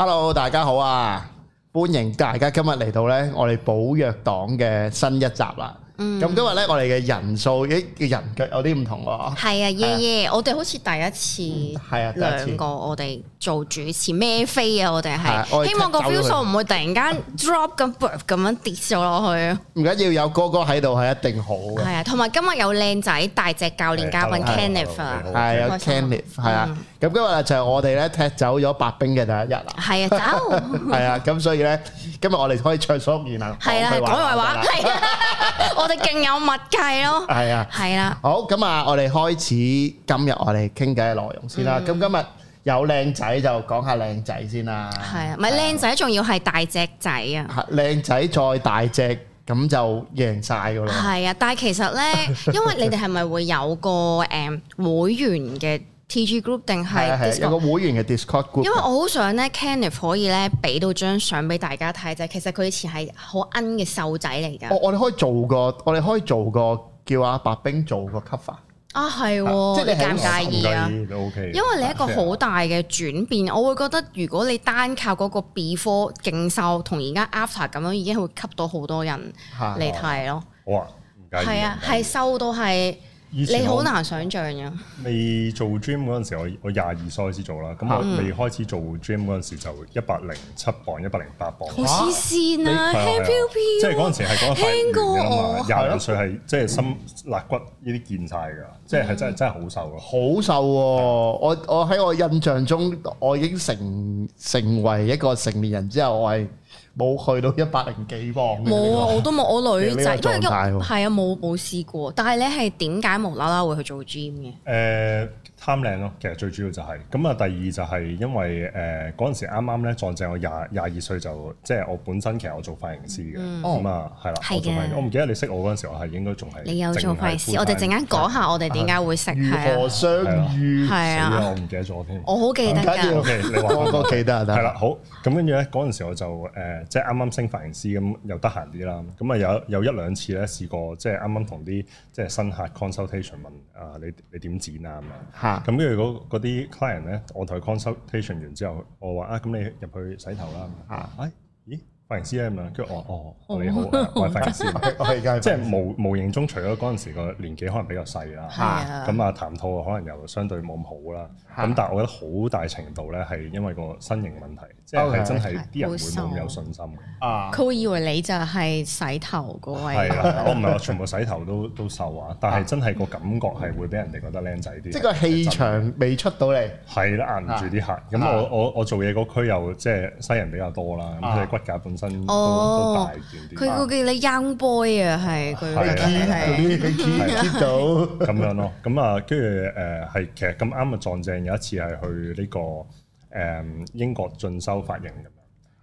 Hello，大家好啊，歡迎大家今日嚟到咧，我哋寶藥黨嘅新一集啦。嗯，咁今日咧，我哋嘅人數嘅人腳有啲唔同喎。係啊，耶耶，我哋好似第一次，係啊，兩個我哋做主持孭飛啊，我哋係希望個 feel 數唔會突然間 drop 咁 burst 咁樣跌咗落去。唔緊要，有哥哥喺度係一定好嘅。係啊，同埋今日有靚仔大隻教練嘉賓 Kenneth 啊，係有 Kenneth 係啊，咁今日就係我哋咧踢走咗白兵嘅第一日啊。係啊，走。係啊，咁所以咧，今日我哋可以暢所欲言。係啊，講係話題。我。我哋 勁有默契咯，係啊，係啦，好咁啊！我哋開始今日我哋傾偈嘅內容先啦。咁、嗯、今日有靚仔就講下靚仔先啦，係啊，唔係靚仔仲要係大隻仔啊，靚仔再大隻咁就贏晒噶啦，係啊。但係其實咧，因為你哋係咪會有個誒、 嗯、會,會員嘅？T G Group 定係有個會員嘅 Discord Group。因為我好想咧，Kenneth 可以咧俾到張相俾大家睇就啫。其實佢以前係好奀嘅瘦仔嚟㗎、哦。我哋可以做個，我哋可以做個叫阿白兵做個 cover。啊，係喎，啊、即係你，你介唔介意啊？意都 OK。因為你一個好大嘅轉變，啊、我會覺得如果你單靠嗰個 before 勁瘦同而家 after 咁樣，已經會吸到好多人嚟睇咯。好啊，唔介，介意。係啊，係瘦到係。你好難想像嘅。未做 gym 嗰陣時，我我廿二歲開始做啦。咁我未開始做 gym 嗰陣時，就一百零七磅，一百零八磅。好黐線啊，輕飄飄即係嗰陣時係講髮型嘅嘛。廿二歲係即係心肋 骨呢啲見晒㗎，即係係真係真係好瘦㗎。好、嗯、瘦喎、啊！我我喺我印象中，我已經成成為一個成年人之後，我係。冇去到一百零幾磅。冇啊，我都冇，我女仔，都為係啊，冇冇試過。但係你係點解無啦啦會去做 gym 嘅？誒貪靚咯，其實最主要就係咁啊。第二就係因為誒嗰陣時啱啱咧撞正我廿廿二歲，就即係我本身其實我做髮型師嘅咁啊，係啦。係嘅，我唔記得你識我嗰陣時候係應該仲係。你有做髮型師？我哋陣間講下我哋點解會識相遇？係啊，我唔記得咗添。我好記得㗎。O K，我記得。係啦，好咁跟住咧嗰陣時我就誒。即係啱啱升髮型師咁又得閒啲啦，咁啊有有一兩次咧試過，即係啱啱同啲即係新客 consultation 問啊，你你點剪啊咁，跟住嗰啲 client 咧，我同佢 consultation 完之後，我話啊，咁你入去洗頭啦。啊啊髮型師啊嘛，跟住我，哦你好，我係髮型師。係，即係無無形中，除咗嗰陣時個年紀可能比較細啦，咁啊談吐可能又相對冇咁好啦。咁但係我覺得好大程度咧係因為個身形問題，即係真係啲人會冇咁有信心。啊，佢會以為你就係洗頭嗰位。係啊，我唔係我全部洗頭都都瘦啊，但係真係個感覺係會俾人哋覺得靚仔啲。即係個氣場未出到嚟。係啦，壓唔住啲客。咁我我我做嘢嗰區又即係西人比較多啦，咁你骨架本。都都大件哦，佢嗰叫你 young boy 你啊，係佢係啊，佢見見到咁樣咯。咁啊，跟住誒係其實咁啱啊，壯正，正有一次係去呢、這個誒、嗯、英國進修髮型咁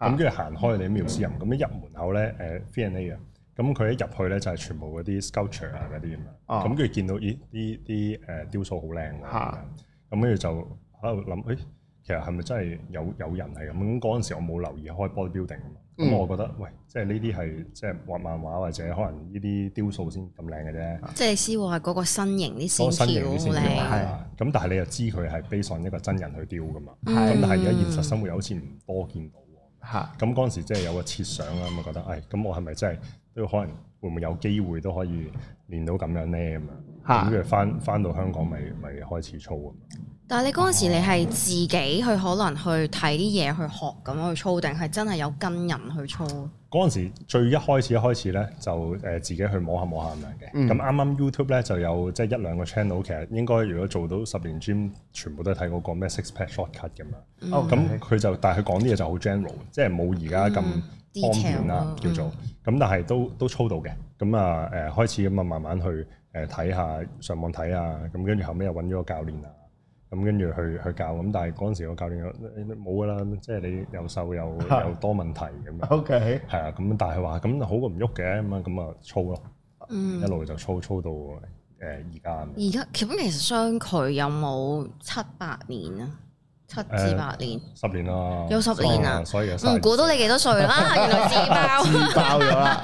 樣，咁跟住行開你 museum 咁一入門口咧誒，V＆A 啊，咁佢一入去咧就係全部嗰啲 sculpture 啊嗰啲咁樣，咁跟住見到咦啲啲誒雕塑好靚㗎，咁跟住就喺度諗誒，其實係咪真係有有人係咁？咁嗰陣時我冇留意開玻璃 building。咁、嗯、我覺得，喂，即係呢啲係即係畫漫畫或者可能呢啲雕塑先咁靚嘅啫。即係思傅係嗰個身形啲線,線條，多身形啲線條啊咁但係你又知佢係悲 a 一個真人去雕噶嘛？咁但係而家現實生活又好似唔多見到喎。咁嗰陣時即係有個設想啦，咁覺得，哎，咁我係咪真係都可能會唔會有機會都可以練到咁樣咧？咁樣的，咁佢翻翻到香港咪咪開始操啊？但係你嗰陣時，你係自己去可能去睇啲嘢去學咁去操，定係真係有跟人去操嗰陣時？最一開始一開始咧，就誒自己去摸下摸下咁樣嘅。咁啱啱、嗯、YouTube 咧就有即係一兩個 channel，其實應該如果做到十年 gym 全部都係睇嗰個咩 six pack shortcut 咁樣。哦，咁佢就白但係佢講啲嘢就好 general，即係冇而家咁方便啦，嗯、叫做咁。嗯、但係都都操到嘅。咁啊誒開始咁啊，慢慢去誒睇下上網睇啊。咁跟住後尾又揾咗個教練啊。咁跟住去去教，咁但係嗰陣時個教練冇㗎啦，即係你又瘦又又多問題咁 OK 係啊。咁樣 但係話咁好過唔喐嘅，咁啊咁啊操咯，嗯、一路就操操到誒而家，而家其實相距有冇七八年啊？七至八年，十年啦，有十年啦，所以唔估到你幾多歲啦，原來自爆，自爆啦，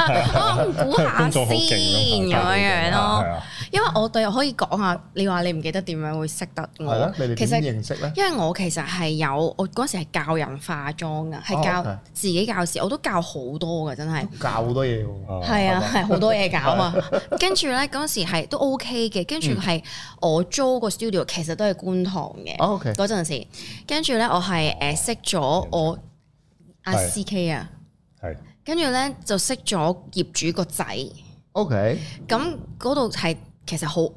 我估下先咁樣樣咯。因為我對可以講下，你話你唔記得點樣會識得我，其實認識咧，因為我其實係有我嗰時係教人化妝噶，係教自己教時，我都教好多噶，真係教好多嘢，係啊，係好多嘢搞啊。跟住咧嗰時係都 OK 嘅，跟住係我租個 studio，其實都係觀塘嘅，嗰陣時。跟住咧，我係誒識咗我阿 C K 啊，係是。跟住咧就識咗業主個仔，OK。咁嗰度係其實好。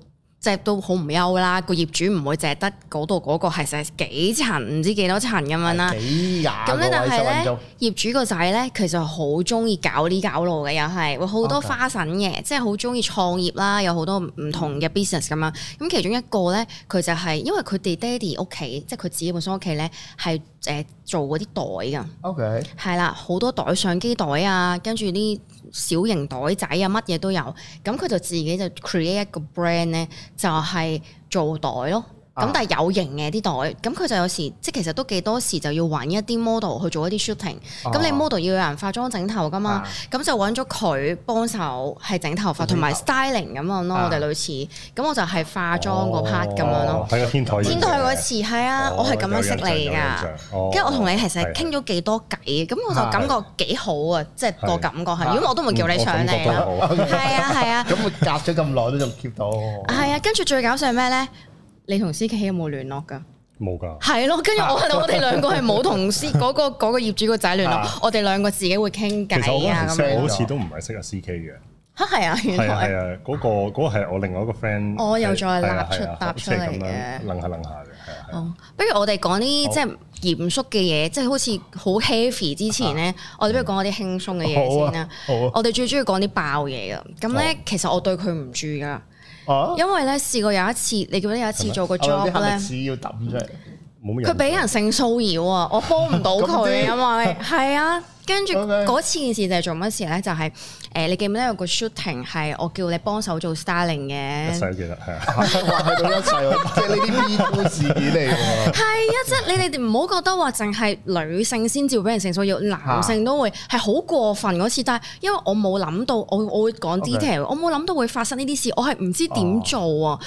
即都好唔優啦，個業主唔會淨係得嗰度嗰個，係成幾層，唔知幾多層咁樣啦。幾廿咁咧，但係咧，業主個仔咧，其實好中意搞呢搞路嘅，又係會好多花神嘅，Okay. 即係好中意創業啦，有好多唔同嘅 business 咁樣。咁其中一個咧，佢就係因為佢哋爹哋屋企，即係佢自己本身屋企咧，係誒做嗰啲袋㗎。OK，係啦，好多袋相機袋啊，跟住呢。小型袋仔啊，乜嘢都有，咁佢就自己就 create 一個 brand 咧，就係做袋咯。咁但係有型嘅啲袋，咁佢就有時即係其實都幾多時就要揾一啲 model 去做一啲 shooting，咁你 model 要有人化妝整頭噶嘛，咁就揾咗佢幫手係整頭髮同埋 styling 咁樣咯，我哋類似，咁我就係化妝嗰 part 咁樣咯。喺個天台天台嗰次係啊，我係咁樣識你噶，跟住我同你其實傾咗幾多偈，咁我就感覺幾好啊，即係個感覺係，如果我都冇叫你上嚟，係啊係啊，咁我夾咗咁耐都仲 keep 到。係啊，跟住最搞笑係咩咧？你同 CK 有冇聯絡噶冇噶有。係咯，跟住我我哋兩個係冇同 C 嗰個嗰個業主個仔聯絡， 我哋兩個自己會傾偈啊。咁實樣好似都唔係識阿 CK 嘅。吓係啊，原來係啊，嗰、啊嗰個嗰、嗰個係我另外一個 friend。我又再拉出搭出嚟嘅，楞下楞下嘅。不如、啊啊、我哋講啲即係嚴肅嘅嘢，即係好似好 heavy。之前咧，我哋不如講啲輕鬆嘅嘢先啦。我哋最中意講啲爆嘢噶，咁咧其實我對佢唔住噶。啊、因為咧試過有一次，你記唔記得有一次做個 job 咧，要出嚟，冇咩人，佢俾人性騷擾 樣子 啊，我幫唔到佢，因為係啊。跟住嗰次件事就做乜事咧？就係、是、誒、呃，你記唔記得有個 shooting 係我叫你幫手做 styling 嘅？想記得係啊，即係呢啲醜事件嚟㗎嘛。係啊，即係 你哋唔好覺得話淨係女性先至會俾人性騷擾，男性都會係，好過分嗰次。但係因為我冇諗到，我我會講 detail，Okay. 我冇諗到會發生呢啲事，我係唔知點做啊！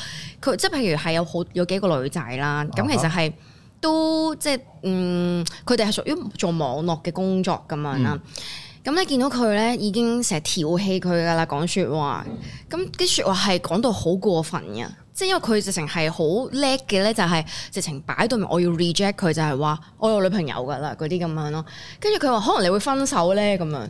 佢即係譬如係有好有幾個女仔啦，咁其實係。啊啊都即係嗯，佢哋係屬於做網絡嘅工作咁樣啦。咁你、嗯、見到佢咧，已經成日調戲佢噶啦，講說話。咁啲、嗯、說話係講到好過分嘅，即係因為佢直情係好叻嘅咧，就係、是、直情擺到明我要 reject 佢，就係、是、話我有女朋友噶啦嗰啲咁樣咯。跟住佢話可能你會分手咧咁樣。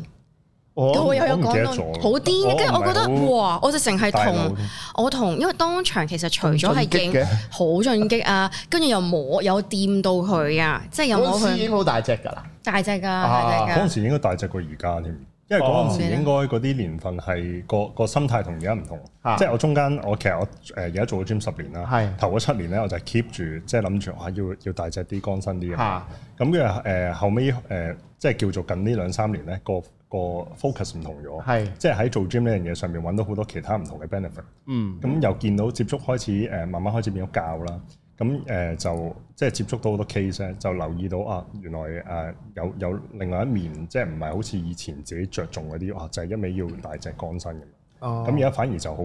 有講到好癲，跟住我覺得哇！我就成係同我同，因為當場其實除咗係勁好進擊啊，跟住又摸有掂到佢啊，即係有時已經好大隻㗎啦，大隻㗎，大隻㗎。嗰陣時應該大隻過而家添，因為嗰陣時應該嗰啲年份係個個心態同而家唔同。即係我中間我其實我誒而家做咗 gym 十年啦，頭嗰七年咧我就係 keep 住，即係諗住話要要大隻啲、乾身啲啊。咁跟住誒後尾，誒即係叫做近呢兩三年咧個。個 focus 唔同咗，係是即係喺做 gym 呢樣嘢上面揾到好多其他唔同嘅 benefit 嗯。嗯，咁又見到接觸開始誒，慢慢開始變咗教啦。咁誒就即係接觸到好多 case 咧，就留意到啊，原來誒、啊、有有另外一面，即係唔係好似以前自己着重嗰啲啊，就係、一味要大隻乾身咁。哦，咁而家反而就好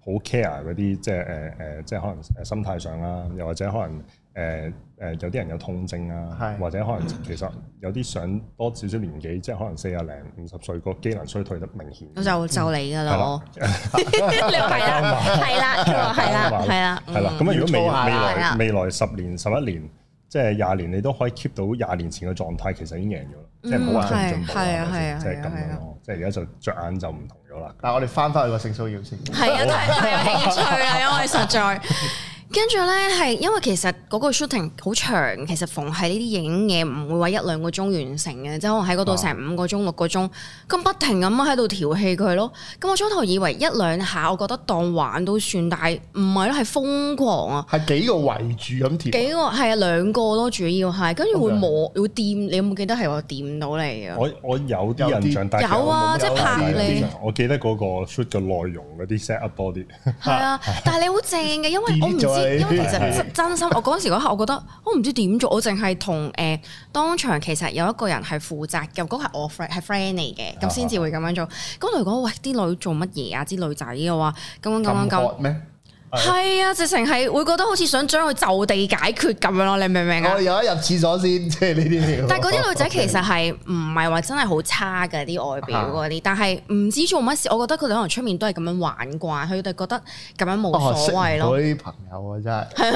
好 care 嗰啲，即係誒誒，即係可能心態上啦，又或者可能。誒誒，有啲人有痛症啊，或者可能其實有啲想多少少年紀，即係可能四廿零、五十歲，個機能衰退得明顯。就就你㗎啦，你唔係啦，係啦，係啦，係啦，咁如果未未來未來十年、十一年，即係廿年，你都可以 keep 到廿年前嘅狀態，其實已經贏咗啦，即係冇話進步啊，即係咁樣咯。即係而家就着眼就唔同咗啦。但係我哋翻返去個性衰老先，係啊，太有趣啦，因為我哋實在。跟住咧，係因為其實嗰個 shooting 好長，其實逢係呢啲影嘢唔會話一兩個鐘完成嘅，即可能喺嗰度成五個鐘、啊、六個鐘咁不停咁喺度調戲佢咯。咁我初頭以為一兩下，我覺得當玩都算，但係唔係咯，係瘋狂啊！係幾個圍住咁調，幾個係啊兩個咯，主要係跟住會摸 Okay. 會掂，你有冇記得係我掂到你啊？我我有啲印象，但係我冇啊！即係有以拍你，我記得嗰個 shoot 嘅內容嗰啲 set up 多啲係啊，但係你好正嘅，因為 因為其實真心，我嗰時嗰刻，我覺得我唔知點做，我淨係同誒當場其實有一個人係負責嘅，嗰、那、係、個、我 friend 係 friend 嚟嘅，咁先至會咁樣做。咁如果喂啲、哎、女做乜嘢啊？啲女仔嘅話，咁樣咁樣咁。係啊，直情係會覺得好似想將佢就地解決咁樣咯，你明唔明啊？我有一入廁所先，即係呢啲。但係嗰啲女仔其實係唔係話真係好差噶啲外表嗰啲，但係唔知做乜事。我覺得佢哋可能出面都係咁樣玩慣，佢哋覺得咁樣冇所謂咯。識嗰啲、哦、朋友啊，真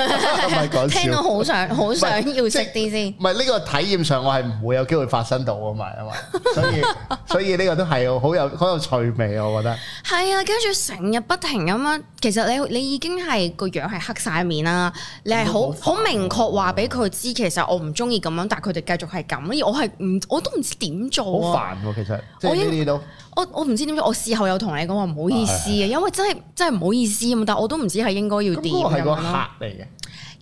係唔 聽到好想好想要識啲先。唔係呢個體驗上，我係唔會有機會發生到啊嘛啊嘛，所以所以呢個都係好有好有趣味啊，我覺得。係 啊，跟住成日不停咁樣，其實你你，你已經係個樣，係黑晒面啦，你係好好明確話俾佢知，其實我唔中意咁樣，但係佢哋繼續係咁，我係唔我都唔知點做，好煩喎，其實我我唔知點做，我事後有同你講，話唔好意思嘅，啊、因為真係真係唔好意思，但啊但係我都唔知係應該要點嚟嘅。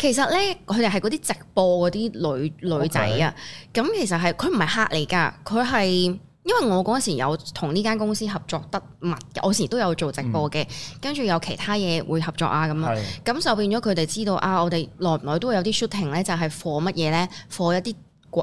其實咧，佢哋係嗰啲直播嗰啲女女仔啊，咁 Okay. 其實係佢唔係黑嚟噶，佢係。因為我嗰時有同呢間公司合作得密，我時都有做直播嘅，跟住、嗯、有其他嘢會合作啊咁啊，咁是的 就變咗佢哋知道啊，我哋耐唔耐都會有啲 shooting 咧，就係 for 乜嘢咧，for 一啲。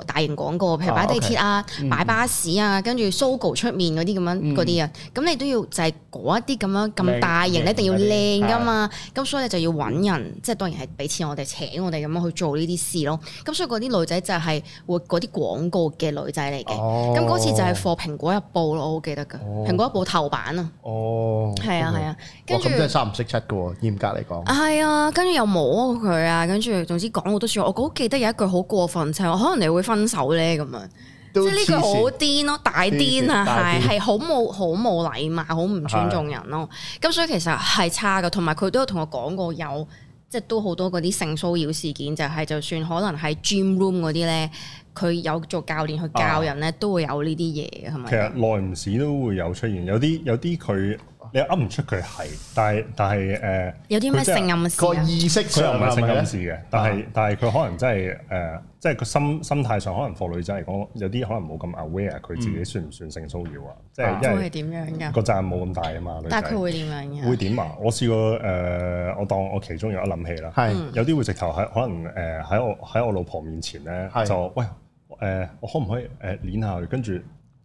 大型廣告，譬如擺地鐵啊、擺巴士啊，跟住 Sogo 出面嗰啲咁樣嗰啲啊，咁你都要就係嗰一啲咁樣咁大型，一定要靚噶嘛，咁所以就要揾人，即係當然係俾錢我哋請我哋咁樣去做呢啲事咯。咁所以嗰啲女仔就係會嗰啲廣告嘅女仔嚟嘅，咁嗰次就係放《蘋果日報》咯，我好記得噶，《蘋果日報》頭版啊。哦。係啊係啊，跟住。三唔識七噶喎，嚴格嚟講。係啊，跟住又摸佢啊，跟住總之講好多説話。我好記得有一句好過分，就係可能你。會分手呢？咁樣，即係呢個好癲咯，經大癲瘋啊，係係好冇好冇禮貌，好唔尊重人咯。咁是的 所以其實係差噶，同埋佢都有同我講過有，即係都好多嗰啲性騷擾事件，就係、是、就算可能喺 gym room 嗰啲呢，佢有做教練去教人呢，啊、都會有呢啲嘢嘅。係咪？其實耐唔時都會有出現，有啲有啲佢。你噏唔出佢係，但係但係誒，有啲咩性暗示啊？個意識佢又唔係性暗示嘅，但係但係佢可能真係誒，即係個心心態上可能 for 女仔嚟講，有啲可能冇咁 aware 佢自己算唔算性騷擾，嗯、因為啊？即係因為點樣噶個責任冇咁大啊嘛。但係佢會點樣嘅？會點啊？我試過誒、呃，我當我其中有一諗起啦，係是有啲會直頭喺可能誒喺我喺我老婆面前咧，是就喂誒，我可唔可以誒捏下佢？跟住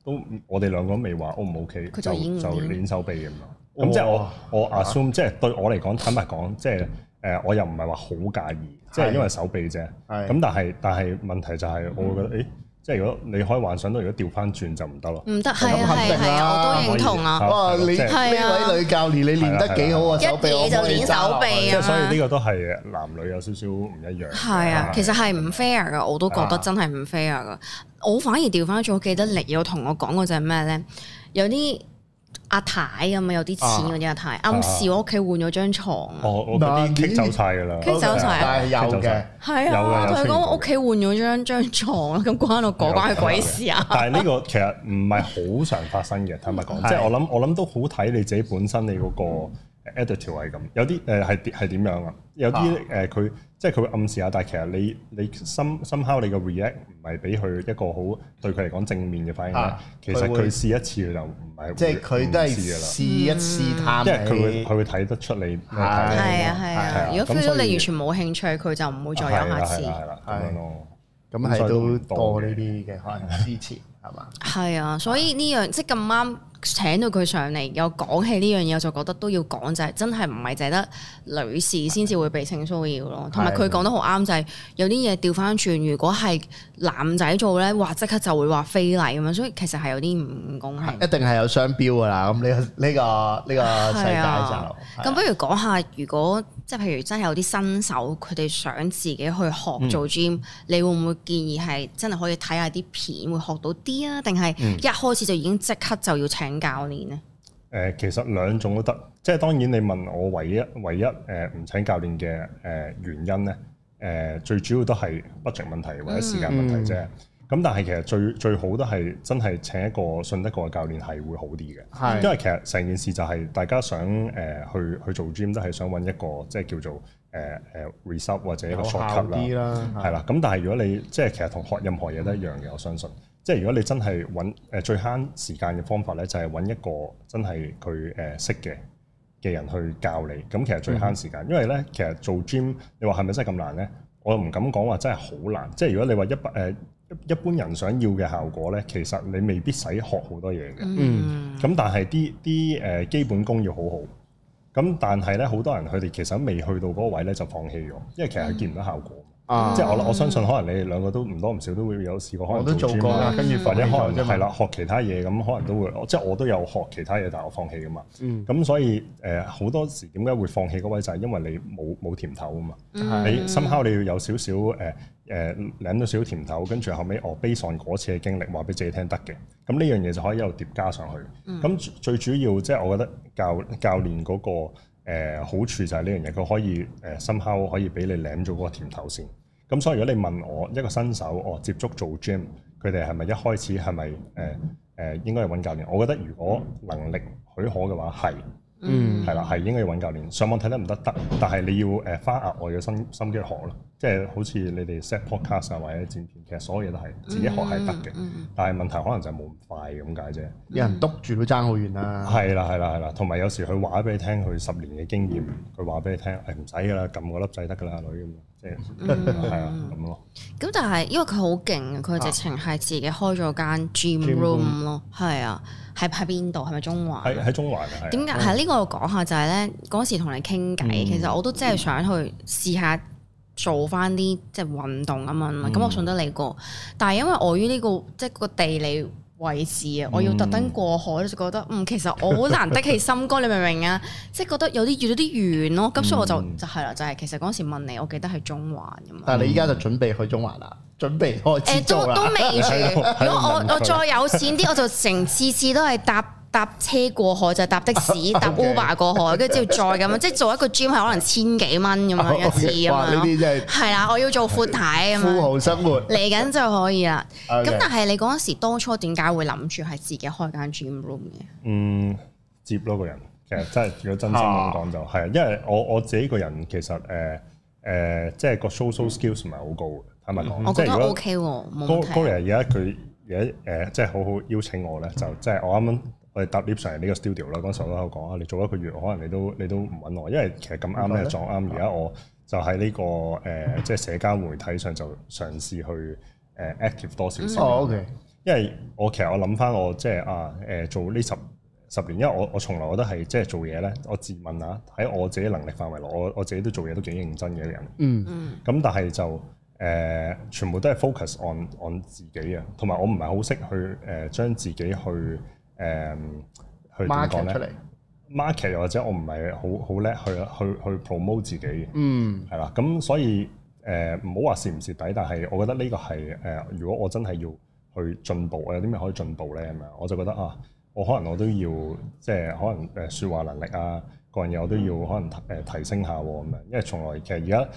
都我哋兩個未話 O 唔 O K，就就捏手臂咁嘛。咁即係我我 assume 即係對我嚟講，坦白講，即係誒我又唔係話好介意，即係因為手臂啫。咁，但係但係問題就係我覺得誒，即係如果你可以幻想到，如果調翻轉就唔得咯。唔得係係係啊，我都認同啊！你係咩位女教練你練得幾好啊？手臂就練手臂啊。即係所以呢個都係男女有少少唔一樣。係啊，其實係唔 fair 噶，我都覺得真係唔 fair 噶。我反而調翻咗我記得力有同我講嗰陣咩咧，有啲。阿太咁啊，有啲錢嗰啲阿太，暗示我屋企換咗張床，哦，我嗰啲踢走晒噶啦，踢走晒，但係有嘅，係啊，佢講屋企換咗張張牀，咁關我嗰關係鬼事啊！但係呢個其實唔係好常發生嘅。坦白講，即係我諗我諗都好睇你自己本身你嗰個。Editor 係咁，有啲誒係係點樣啊？有啲誒佢即係佢會暗示下，但係其實你你深深敲你個 react 唔係俾佢一個好對佢嚟講正面嘅反應。其實佢試一次就唔係，即係佢都係試一次探。因為佢會佢會睇得出你係啊係啊，如果 feel 到你完全冇興趣，佢就唔會再有下次。係啦，係咁樣咯。咁係都多呢啲嘅可能私設係嘛？係啊，所以呢樣即係咁啱。請到佢上嚟，又講起呢樣嘢，我就覺得都要講，就係、是、真係唔係淨係得女士先至會被性騷擾咯。同埋佢講得好啱，就係、是、有啲嘢調翻轉，如果係。男仔做呢，哇！即刻就會話非禮咁樣，所以其實係有啲唔公平，啊。一定係有雙標㗎啦，咁你呢個呢、呢個世界就咁、是。啊啊、不如講下，如果即係譬如真係有啲新手，佢哋想自己去學做 gym，、嗯、你會唔會建議係真係可以睇下啲片，會學到啲啊？定係一開始就已經即刻就要請教練呢？誒、嗯，其實兩種都得。即係當然，你問我唯一唯一誒唔請教練嘅誒原因呢。誒最主要都係 budget 問題或者時間問題啫。咁、嗯、但係其實最最好都係真係請一個信得過嘅教練係會好啲嘅。是因為其實成件事就係大家想誒、嗯呃、去去做 gym 都係想揾一個即係叫做誒誒、呃、result 或者一個 shortcut 啦，係啦的。咁但係如果你即係其實同學任何嘢都一樣嘅，嗯、我相信即係如果你真係揾誒最慳時間嘅方法咧，就係揾一個真係佢誒識嘅嘅人去教你，咁其實最慳時間，因為咧，其實做 gym，你話係咪真係咁難咧？我又唔敢講話真係好難，即係如果你話一百誒一一般人想要嘅效果咧，其實你未必使學好多嘢嘅。嗯，咁、嗯、但係啲啲誒基本功要好好，咁但係咧好多人佢哋其實未去到嗰個位咧就放棄咗，因為其實係見唔到效果。嗯、即係我、嗯、我，我相信，可能你哋兩個都唔多唔少都會有試過，可能我都做過啦、啊。跟住或者可能係啦、嗯，學其他嘢咁，可能都會、嗯、即係我都有學其他嘢，但係我放棄噶嘛。咁、嗯、所以誒好、呃、多時點解會放棄嗰位就係因為你冇冇甜頭啊嘛。嗯、你深烤你要有少、呃、少誒誒舐到少少甜頭，跟住後尾我悲上嗰次嘅經歷話俾自己聽得嘅。咁呢樣嘢就可以一路疊加上去。咁、嗯、最主要即係我覺得教教練嗰、嗰個、呃、好處就係呢樣嘢，佢可以誒深烤可以俾你舐到嗰個甜頭先。咁所以如果你問我一個新手，我、哦、接觸做 gym，佢哋係咪一開始係咪誒誒應該係揾教練？我覺得如果能力許可嘅話係，嗯，係啦，係應該要揾教練。上網睇得唔得得，但係你要誒花額外嘅心心機學咯，即係好似你哋 set podcast 啊，或者剪片，其實所有嘢都係自己學係得嘅，嗯嗯、但係問題可能就係冇咁快咁解啫。有人督住都爭好遠啦。係啦係啦係啦，同埋有時佢話俾你聽，佢十年嘅經驗，佢話俾你聽，係唔使㗎啦，撳嗰粒掣得㗎啦，女咁。即 啊、嗯，咁咯。咁但係，因為佢好勁，佢直情係自己開咗間 gym room 咯。係啊，喺喺邊度？係咪中環？係喺中環嘅。點解？喺呢、嗯、個講下就係、是、咧，嗰時同你傾偈，其實我都真係想去試下做翻啲即係運動啊嘛。咁、嗯、我信得你過，但係因為我於呢、這個即係、就是、個地理。位置啊！我要特登過海，就覺得嗯，其實我好難得起心肝，你明唔明啊？ 即係覺得有啲遠咗啲遠咯，咁所以我就 就係啦，就係、是、其實嗰時問你，我記得係中環㗎嘛。但係你依家就準備去中環啦，準備開始租啦。誒，都都未 如果我我 再有錢啲，我就成次次都係搭。搭車過海就係搭的士，搭 Uber 過海，跟住之後再咁樣，即係做一個 gym 係可能千幾蚊咁樣一次啊嘛。係啊，我要做闊太啊嘛。富豪生活嚟緊就可以啦。咁但係你嗰陣時當初點解會諗住係自己開間 gym room 嘅？嗯，接咯個人，其實真係如果真心咁講就係，因為我我自己個人其實誒誒，即係個 social skills 唔係好高嘅，係咪？我覺得 OK，冇問題。嗰人而家佢而家誒，即係好好邀請我咧，就即係我啱啱。我哋搭 lift 上嚟呢個 studio 啦，嗰陣時候我都有講啊，你做一個月，可能你都你都唔揾我，因為其實咁啱咧撞啱。而家、嗯、我就喺呢、呢個誒，即、呃、係、就係、社交媒體上就嘗試去誒 active 多少少。OK、嗯嗯、因為我其實我諗翻我即係啊誒，做呢十十年，因為我我從來我都係即係做嘢咧。我自問啊，喺我自己能力範圍內，我我自己都做嘢都幾認真嘅人。嗯嗯。咁、嗯、但係就誒、呃，全部都係 focus on on 自己啊，同埋我唔係好識去誒、呃、將自己去。呃誒、嗯、去點講咧？market 又或者我唔係好好叻去去去，去 promote 自己，嗯，係啦。咁所以誒唔好話蝕唔蝕底，但係我覺得呢個係誒、呃，如果我真係要去進步，我有啲咩可以進步咧咁樣，我就覺得啊，我可能我都要即係、就是、可能誒說話能力啊，各樣嘢我都要可能誒提升下喎咁樣，因為從來其實而家。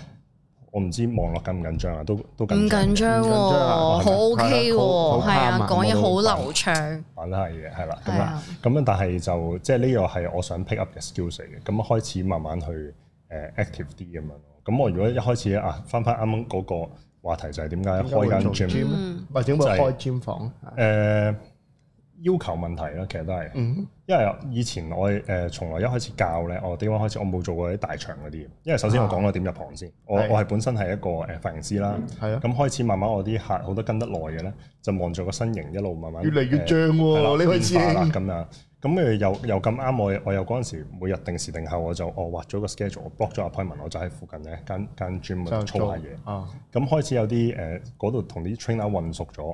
我唔知網絡緊唔緊，緊張啊，都都緊。唔緊張喎，好 OK 喎，係啊，講嘢好流暢。我都係嘅，係啦，咁啦吧，咁樣但係就即係呢個係我想 pick up 嘅 skills 嚟嘅，咁開始慢慢去誒 active 啲咁樣。咁我如果一開始啊，翻翻啱啱嗰個話題就係點解開間 gym 或者、會、開 gym 房誒，就係呃要求問題啦，其實都係，因為以前我誒從來一開始教咧，我點解開始，我冇做過啲大場嗰啲。因為首先我講咗點入行先，啊、我是我係本身係一個誒髮型師啦，係啊，咁開始慢慢我啲客好多跟得耐嘅咧，就望住個身形一路慢慢越嚟越脹喎，你開始喇咁啊，咁誒了又又咁啱，我我又嗰陣時每日定時定候，我就哦，畫咗個 schedule，我 block 咗 appointment，我就喺附近咧間間專門上操下嘢咁、啊、開始有啲誒嗰度同啲 trainer 混熟咗。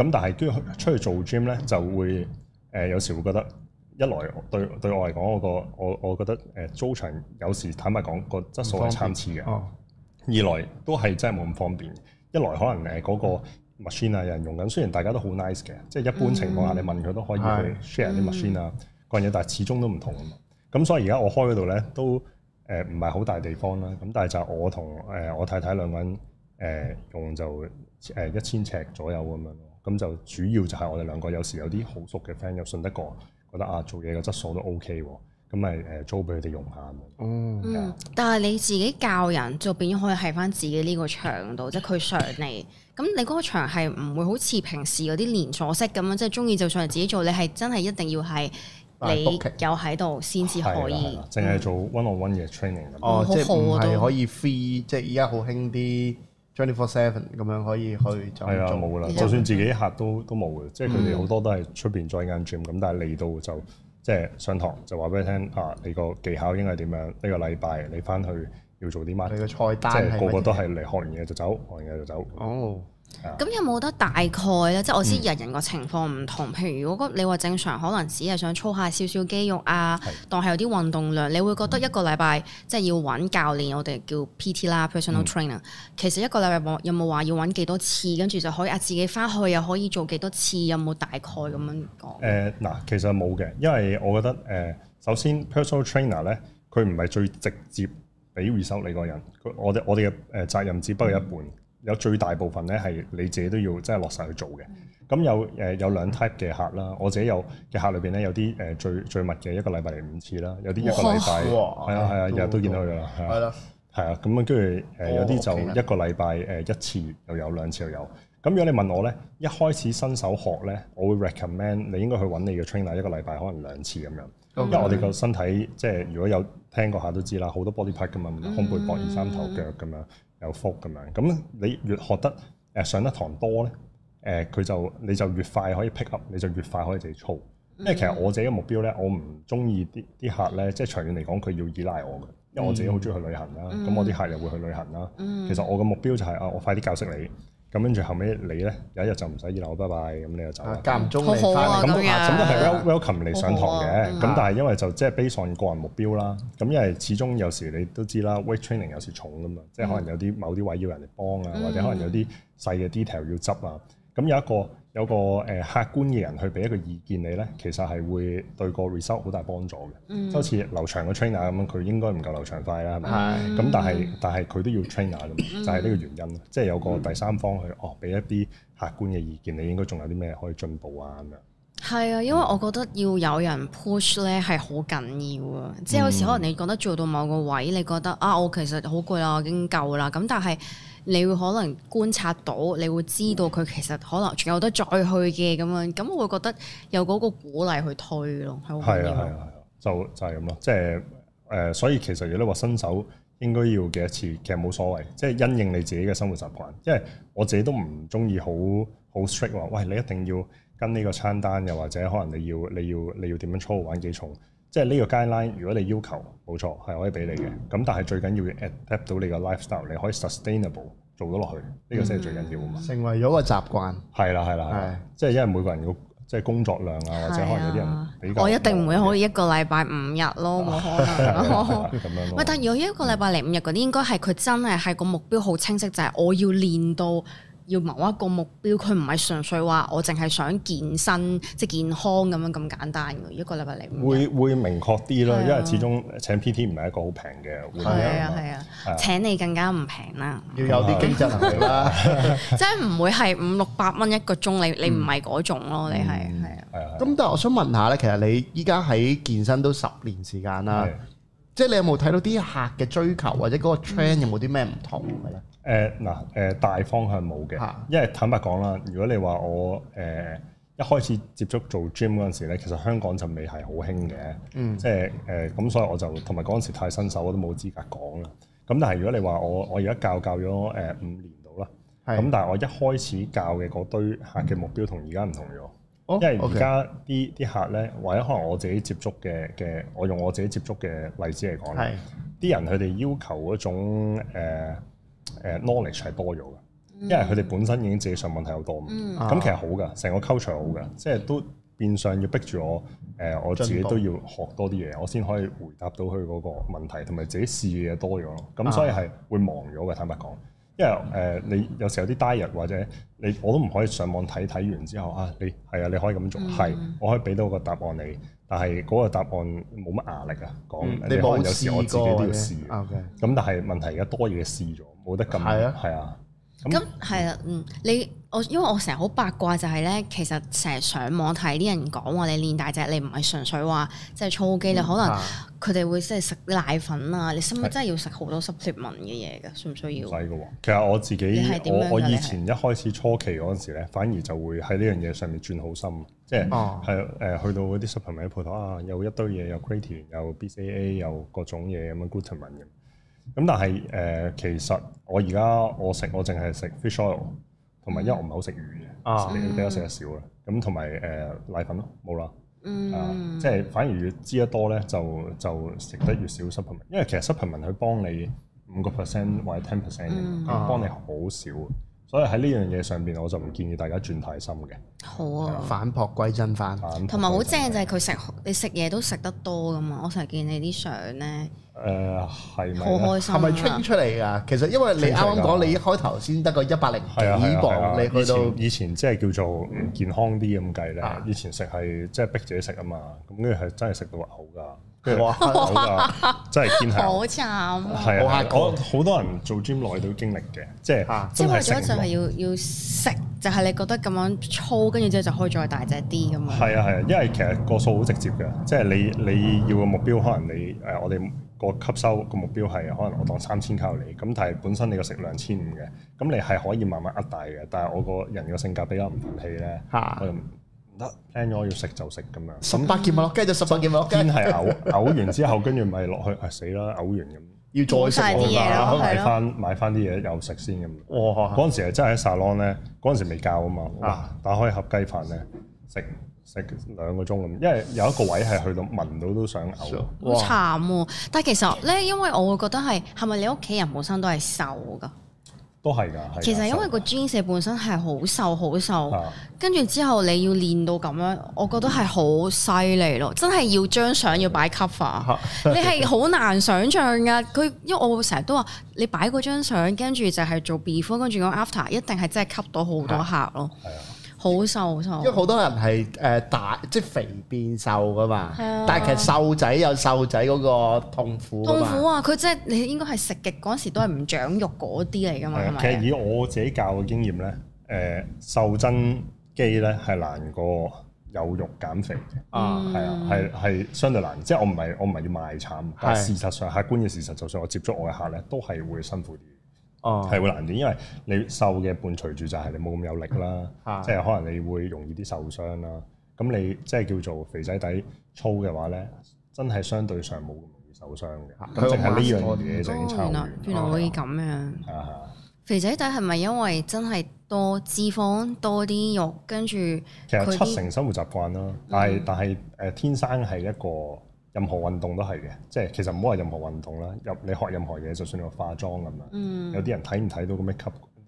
咁但係跟住出去做 gym 咧，就會誒、呃、有時會覺得一來對對我嚟講個我我覺得誒租場有時坦白講個質素係參差嘅。啊、二來都係真係冇咁方便。一來可能誒個 machine 啊有人用緊雖然大家都好 nice 嘅，即係一般情況下、嗯、你問佢都可以去 share 啲 machine 啊嗰樣嘢，但係始終都唔同啊嘛。咁、嗯、所以而家我開嗰度咧都誒唔係好大地方啦。咁但係就係我同誒我太太兩個人誒用就誒一千尺左右咁樣。咁就主要就係我哋兩個有時有啲好熟嘅 friend，又信得過覺得啊，做嘢嘅質素都 OK 喎，咁咪誒租俾佢哋用下。哦、嗯，的嗯。但係你自己教人就變咗可以喺翻自己呢個場度，即係佢上嚟，咁你嗰個場係唔會好似平時嗰啲連鎖式咁樣，即係中意就上嚟自己做，你係真係一定要係你有喺度先至可以。係係、啊。淨係、嗯、做 one-on-one 嘅 training 咁。On tra ining，哦，哦即係唔係可以 free？即係依家好興啲。Twenty four seven 咁樣可以去，就係啊冇啦，就算自己客都都冇嘅，即係佢哋好多都係出邊再跟住咁，嗯、但係嚟到就即係、就係、上堂就話俾你聽啊，你個技巧應該係點樣？呢個禮拜你翻去要做啲乜？你個菜單即係是個個都係嚟學完嘢就走，學完嘢就走。哦。咁、啊、有冇得大概咧？即、就、係、是、我知人人個情況唔同。譬、嗯、如如果你話正常，可能只係想操下少少肌肉啊，是當係有啲運動量。你會覺得一個禮拜、嗯、即係要揾教練，我哋叫 PT 啦，personal trainer、嗯。其實一個禮拜有冇話要揾幾多次，跟住就可以啊自己翻去又可以做幾多次？有冇大概咁樣講？誒嗱、呃，其實冇嘅，因為我覺得誒、呃，首先 personal trainer 咧，佢唔係最直接俾回收你個人。我哋我哋嘅誒責任只不過一半。嗯有最大部分咧係你自己都要即係落實去做嘅。咁有誒有兩 type 嘅客啦，我自己有嘅客裏邊咧，有啲誒最最密嘅一個禮拜嚟五次啦，有啲一個禮拜係啊係啊日日都見到佢㗎啦，係啦係啊咁樣，跟住誒有啲就一個禮拜誒一次又有兩次又有。咁如果你問我咧，一開始新手學咧，我會 recommend 你應該去揾你嘅 trainer 一個禮拜可能兩次咁樣，的因為我哋個身體即係如果有聽過下都知啦，好多 body part 噶嘛，胸背膊二三頭腳咁樣。有福咁樣，咁你越學得誒、呃、上得堂多咧，誒、呃、佢就你就越快可以 pick up，你就越快可以自己操。Mm hmm. 因為其實我自己嘅目標咧，我唔中意啲啲客咧，即、就、係、是、長遠嚟講佢要依賴我嘅，因為我自己好中意去旅行啦，咁、mm hmm. 我啲客又會去旅行啦。Mm hmm. 其實我嘅目標就係、是、啊，我快啲教識你。咁跟住後尾你咧，有一日就唔使依度，拜拜，咁你就走啦。間唔中嚟翻，咁咁都係 welcome 嚟上堂嘅。咁但係因為就即係 based on 個人目標啦。咁、嗯、因為始終有時你都知啦 weight training 有時重噶嘛，即係可能有啲某啲位要人哋幫啊，或者可能有啲細嘅 detail 要執啊。咁有一個。有個誒、呃、客觀嘅人去俾一個意見你咧，其實係會對個 result 好大幫助嘅。即好似劉翔嘅 trainer 咁樣，佢應該唔夠劉翔快啦，係咪、嗯？咁但係但係佢都要 trainer 咁，就係、是、呢個原因、嗯、即係有個第三方去哦，俾一啲客觀嘅意見你，你應該仲有啲咩可以進步啊咁樣。係、嗯、啊，因為我覺得要有人 push 咧係好緊要啊！嗯、即係有時可能你覺得做到某個位，你覺得啊，我其實好攰啦，我已經夠啦。咁但係你會可能觀察到，你會知道佢其實可能仲有得再去嘅咁樣，咁我會覺得有嗰個鼓勵去推咯，係啊係啊係啊，就就係咁咯。即係誒，所以其實如果你話新手應該要嘅次，其實冇所謂，即係因應你自己嘅生活習慣。因為我自己都唔中意好好 strict 話，喂，你一定要跟呢個餐單，又或者可能你要你要你要點樣操玩幾重。即係呢個 guideline 如果你要求冇錯，係可以俾你嘅。咁、嗯、但係最緊要要 adapt 到你個 lifestyle，你可以 sustainable 做到落去。呢、這個先係最緊要。嘛，嗯、成為咗個習慣。係啦係啦係。即係因為每個人嘅即係工作量啊，或者可能有啲人比較的。我一定唔會可以一個禮拜五日咯，冇可能。咁樣喂，但如果一個禮拜零五日嗰啲，應該係佢真係係個目標好清晰，就係、是、我要練到。要某一個目標，佢唔係純粹話我淨係想健身即係健康咁樣咁簡單嘅。一個禮拜嚟會會明確啲咯，因為始終請 PT 唔係一個好平嘅。係啊係啊，請你更加唔平啦。要有啲經濟能力啦，即係唔會係五六百蚊一個鐘，你你唔係嗰種咯，你係係啊。咁但係我想問下咧，其實你依家喺健身都十年時間啦，即係你有冇睇到啲客嘅追求或者嗰個 trend 有冇啲咩唔同嘅咧？誒嗱誒大方向冇嘅，因為坦白講啦，如果你話我誒、呃、一開始接觸做 gym 嗰陣時咧，其實香港就未係好興嘅，即係誒咁，所以我就同埋嗰陣時太新手，我都冇資格講啦。咁但係如果你話我我而家教教咗誒五年度啦，咁是的 但係我一開始教嘅嗰堆客嘅目標同而家唔同咗，哦、因為而家啲啲客咧，或者可能我自己接觸嘅嘅，我用我自己接觸嘅例子嚟講啦，啲是的、嗯、人佢哋要求一種、呃誒 knowledge 係多咗嘅，因為佢哋本身已經自己上問題好多咁、嗯、其實好噶，成、啊、個 culture 好噶，即係都變相要逼住我誒、呃，我自己都要學多啲嘢，我先可以回答到佢嗰個問題，同埋自己試嘅嘢多咗咯，咁所以係會忙咗嘅坦白講，因為誒、呃、你有時候有啲 diet 或者你我都唔可以上網睇睇完之後啊，你係啊你可以咁做，係、嗯、我可以俾到個答案你。但係嗰個答案冇乜壓力啊，講有，可能有時我自己都要試。咁 Okay. Okay. 但係問題而家多嘢試咗，冇得咁係啊。咁係啦，嗯、啊、你。我因為我成日好八卦，就係咧，其實成日上網睇啲人講話你練大隻，你唔係純粹話即係操肌，你、就是嗯啊、可能佢哋會即係食奶粉啊。你需唔需真係要食好多 supplement 嘅嘢噶？需唔需要？係噶，其實我自己我，我以前一開始初期嗰陣時咧，反而就會喺呢樣嘢上面轉好深，即係係誒去到嗰啲 supplement 鋪頭啊，有一堆嘢，有 creatine，有 B C A，有各種嘢咁樣 good supplement 咁但係誒、呃，其實我而家我食我淨係食 fish oil。同埋因為我唔係好食魚嘅，啊、比較食得少啦。咁同埋誒奶粉咯，冇啦。嗯，呃、即係反而越知得多咧，就就食得越少 supplement。因為其實 supplement 佢幫你五個 percent 或者 ten percent，咁幫你好少。啊、所以喺呢樣嘢上邊，我就唔建議大家轉太深嘅。好啊，嗯、返璞歸真翻。同埋好正就係佢食，你食嘢都食得多噶嘛。我成日見你啲相咧。誒係咪係咪 train 出嚟㗎？其實因為你啱啱講，你一開頭先得個一百零幾磅，你去到以前即係叫做健康啲咁計咧。以前食係即係逼自己食啊嘛，咁跟住係真係食到嘔㗎，跟住話黑嘔㗎，真係堅係好慘。係好多人做 gym 耐都經歷嘅，即係即係為咗就係要要食，就係你覺得咁樣粗，跟住之後就可以再大隻啲咁啊。係啊係啊，因為其實個數好直接嘅，即係你你要個目標，可能你誒我哋。個吸收個目標係可能我當三千卡路里，咁但係本身你個食量兩千五嘅，咁你係可以慢慢呃大嘅。但係我個人個性格比較唔忿氣咧，我唔得，聽咗要食就食咁樣，十八件物咯，跟住十八件物咯，先係嘔，嘔完之後，跟住咪落去，誒死啦，嘔完咁，要再食啲嘢咯，買翻買翻啲嘢又食先咁。哇！嗰陣時係真係喺 salon 咧，嗰陣時未教啊嘛，啊打開一盒雞飯咧食。食兩個鐘咁，因為有一個位係去到聞到都想嘔。好慘喎、啊！但係其實咧，因為我會覺得係係咪你屋企人本身都係瘦噶？都係㗎。其實因為個專社本身係好瘦好瘦，跟住的之後你要練到咁樣，我覺得係好犀利咯！真係要張相要擺 cover，你係好難想象㗎。佢因為我會成日都話你擺嗰張相，跟住就係做 before，跟住講 after，一定係真係吸到好多客咯。係啊。好瘦好瘦，因為好多人係誒大即係肥變瘦噶嘛，啊、但係其實瘦仔有瘦仔嗰個痛苦痛苦啊！佢即係你應該係食極嗰陣時都係唔長肉嗰啲嚟㗎嘛，係咪、啊？是是其實以我自己教嘅經驗咧，誒、呃、瘦增肌咧係難過有肉減肥嘅，係、嗯、啊，係係相對難，即係我唔係我唔係要賣慘，但係事實上客觀嘅事實上，就算我接觸我嘅客咧，都係會辛苦啲。哦，係會難啲，因為你瘦嘅伴隨住就係你冇咁有，有力啦，的即係可能你會容易啲受傷啦。咁你即係叫做肥仔底粗嘅話咧，真係相對上冇咁容易受傷嘅。咁淨係呢樣嘢就已原來，原來可以會咁樣。係啊係啊，肥仔底係咪因為真係多脂肪多啲肉跟住？其實七成生活習慣啦，嗯，但係但係誒天生係一個。任何運動都係嘅，即係其實唔好話任何運動啦。入你學任何嘢，就算你化妝咁、嗯、樣，有啲人睇唔睇到咁咩級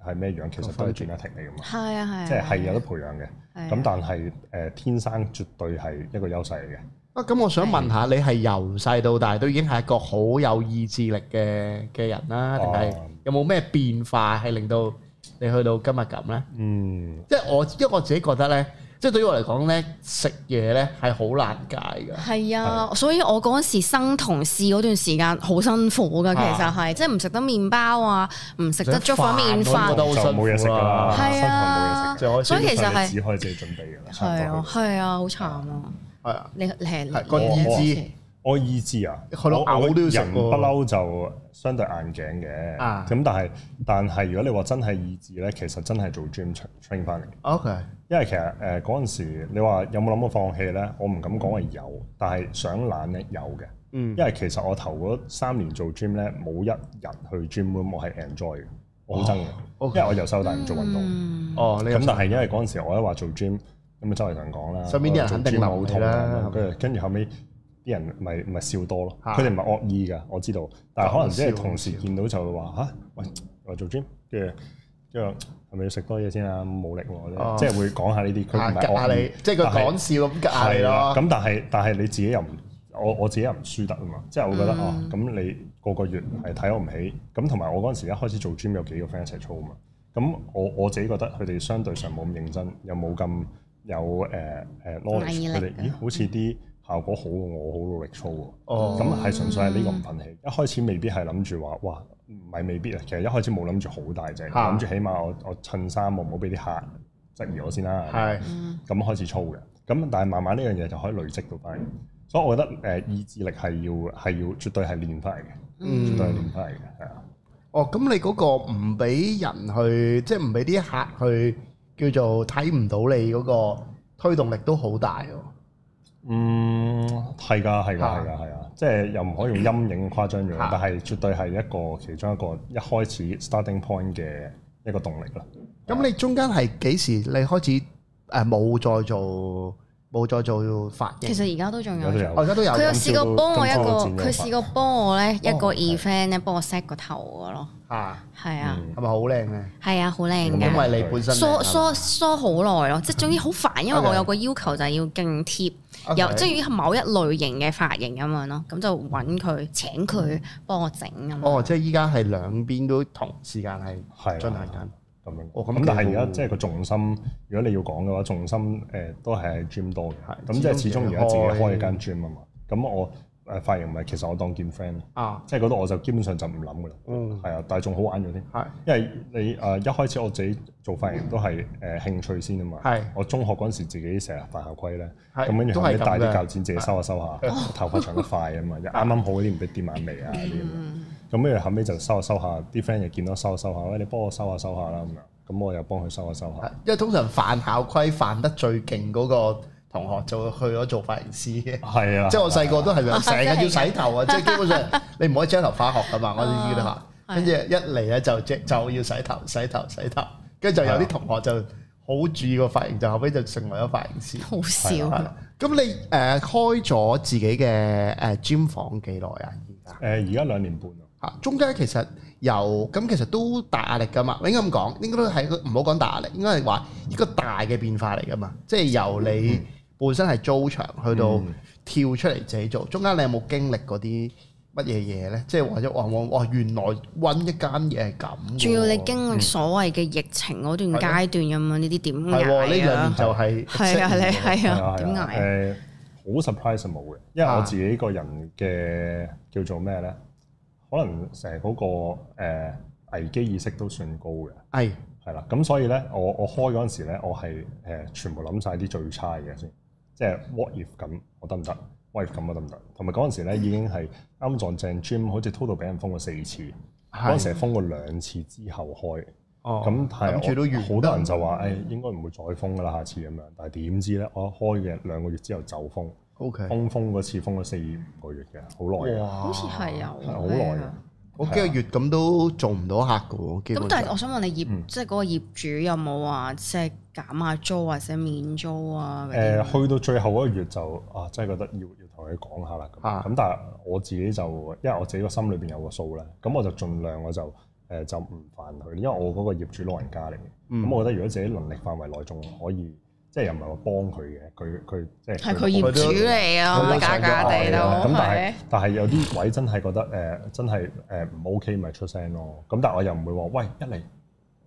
係咩樣，其實都係轉一停嚟㗎嘛。係啊係，嗯嗯、即係係有得培養嘅。咁、嗯嗯、但係誒、呃、天生絕對係一個優勢嚟嘅。啊咁，我想問下你係由細到大都已經係一個好有意志力嘅嘅人啦，定係有冇咩變化係令到你去到今日咁咧？嗯，即係我因為我自己覺得咧。即係對於我嚟講咧，食嘢咧係好難戒嘅。係啊，所以我嗰時生同事嗰段時間好辛苦嘅，其實係即係唔食得麪包啊，唔食得粥粉麵飯，就冇嘢食啦。係啊，所以其實係只可以自己準備㗎啦。係啊，係啊，好慘啊。係啊，你你個意志。我意志啊，我人不嬲就相對硬頸嘅，咁但係但係如果你話真係意志咧，其實真係做 gym train 翻嚟。OK，因為其實誒嗰陣時你話有冇諗過放棄咧？我唔敢講係有，但係想懶咧有嘅。嗯，因為其實我頭嗰三年做 gym 咧，冇一人去 gym room 我係 enjoy 嘅，我好憎嘅。因為我由細到大唔做運動。哦，咁但係因為嗰陣時我一話做 gym 咁啊周圍同人講啦，身邊啲人肯定唔好睇啦。跟住跟住後尾。啲人咪咪笑多咯，佢哋唔係惡意嘅，我知道，但係可能即係同時見到就會話嚇， 喂，我做 gym，跟住跟住，係咪要食多嘢先啊？冇力喎、啊啊，即係會講下呢啲，佢唔係惡意你。即係佢講笑咁架你咯。咁但係是但係你自己又唔，我我自己又唔輸得啊嘛。即係我覺得哦，咁、啊啊、你個個月係睇我唔起，咁同埋我嗰陣時一開始做 gym 有幾個 friend 一齊操啊嘛。咁我我，我自己覺得佢哋相對上冇咁認真，又冇咁有誒誒 knowledge，佢哋咦好似啲。嗯效果好，我好努力操喎。哦，咁係純粹係呢個唔忿氣，一開始未必係諗住話，哇，唔係未必啊。其實一開始冇諗住好大隻，就係諗住起碼我我襯衫，我唔好俾啲客質疑我先啦。係，咁開始操嘅。咁但係慢慢呢樣嘢就可以累積到翻，mm. 所以我覺得誒意志力係要係要絕對係練翻嚟嘅，絕對係練翻嚟嘅係啊。Mm. 的哦，咁你嗰個唔俾人去，即係唔俾啲客去叫做睇唔到你嗰個推動力都好大嗯，係㗎，係㗎，係㗎，係啊！即係又唔可以用陰影誇張樣， 但係絕對係一個其中一個一開始 starting point 嘅一個動力啦。咁你中間係幾時你開始誒冇、呃、再做？冇再做髮型。其實而家都仲有，佢有試過幫我一個，佢試過幫我呢一個 event 咧幫我 set 個頭嘅咯。嚇，係啊，係咪好靚呢？係啊，好靚嘅。因為你本身梳梳梳好耐咯，即係終於好煩，因為我有個要求就係要勁貼，又即係某一類型嘅髮型咁樣咯，咁就揾佢請佢幫我整咁。哦，即係而家係兩邊都同時間係進行緊。咁樣，咁但係而家即係個重心，如果你要講嘅話，重心誒都係喺 gym 多嘅。咁即係始終而家自己開一間 gym 啊嘛。咁我誒髮型唔係，其實我當 gym friend 啊，即係嗰度我就基本上就唔諗㗎啦。嗯，係啊，但係仲好玩咗啲。係，因為你誒一開始我自己做髮型都係誒興趣先啊嘛。係，我中學嗰陣時自己成日犯校規咧。咁跟住後尾帶啲鉸剪自己收下收下，頭髮長得快啊嘛，又啱啱好嗰啲唔俾掂眼眉啊嗰啲咁樣。咁跟住後尾就收下收下，啲 friend 又見到收下收下，餵你幫我收下收下啦咁樣，咁我又幫佢收下收下。因為通常犯校規犯得最勁嗰個同學就去咗做髮型師嘅。係、嗯、 啊，即係我細個都係成日要洗頭啊，啊即係基本上 你唔可以將頭化學㗎嘛，我哋呢行。跟住、啊、一嚟咧就即就要洗頭洗頭洗頭，跟住就有啲同學就好注意個髮型，就後尾就成為咗髮型師。好少啊！咁 你誒開咗自己嘅誒 gym 房幾耐啊？誒而家兩年半。中間其實由咁，其實都大壓力噶嘛。應該咁講，應該都係唔好講大壓力，應該係話一個大嘅變化嚟噶嘛。即係由你本身係租場去到跳出嚟自己做，中間你有冇經歷嗰啲乜嘢嘢咧？即係或者話我原來揾一間嘢係咁。仲要你經歷所謂嘅疫情嗰段階段有冇呢啲，點解呢兩年就係係啊，啊，你係啊，點解誒好 surprise 冇嘅，因為我自己個人嘅叫做咩咧？可能成日嗰個誒危機意識都算高嘅，係係啦，咁所以咧，我我開嗰陣時咧，我係誒、呃、全部諗晒啲最差嘅先，即係 what if 咁，我得唔得？what if 咁我得唔得？同埋嗰陣時咧已經係啱撞正 gym 好似 total 俾人封咗四次，嗰陣時封過兩次之後開，咁住到月。好多人就話誒、嗯哎、應該唔會再封噶啦，下次咁樣，但係點知咧？我一開嘅兩個月之後就封。Okay. 封封嗰次封咗四五個月嘅，好耐。好似係啊，好耐啊，好幾個月咁都做唔到客噶，咁，但係我想問你業，嗯、即係嗰個業主有冇話即係減下租或者免租啊？誒、呃，去到最後個月就啊，真係覺得要要同佢講下啦。咁咁、啊、但係我自己就因為我自己個心裏邊有個數咧，咁我就盡量我就誒、嗯、就唔煩佢，因為我嗰個業主老人家嚟，嘅、嗯。咁我覺得如果自己能力範圍內仲可以。即係又唔係話幫佢嘅，佢佢即係佢業主嚟啊，假假地咯。咁但係是的 但係有啲位真係覺得誒、呃，真係誒唔 OK，咪出聲咯。咁但係我又唔會話，喂一嚟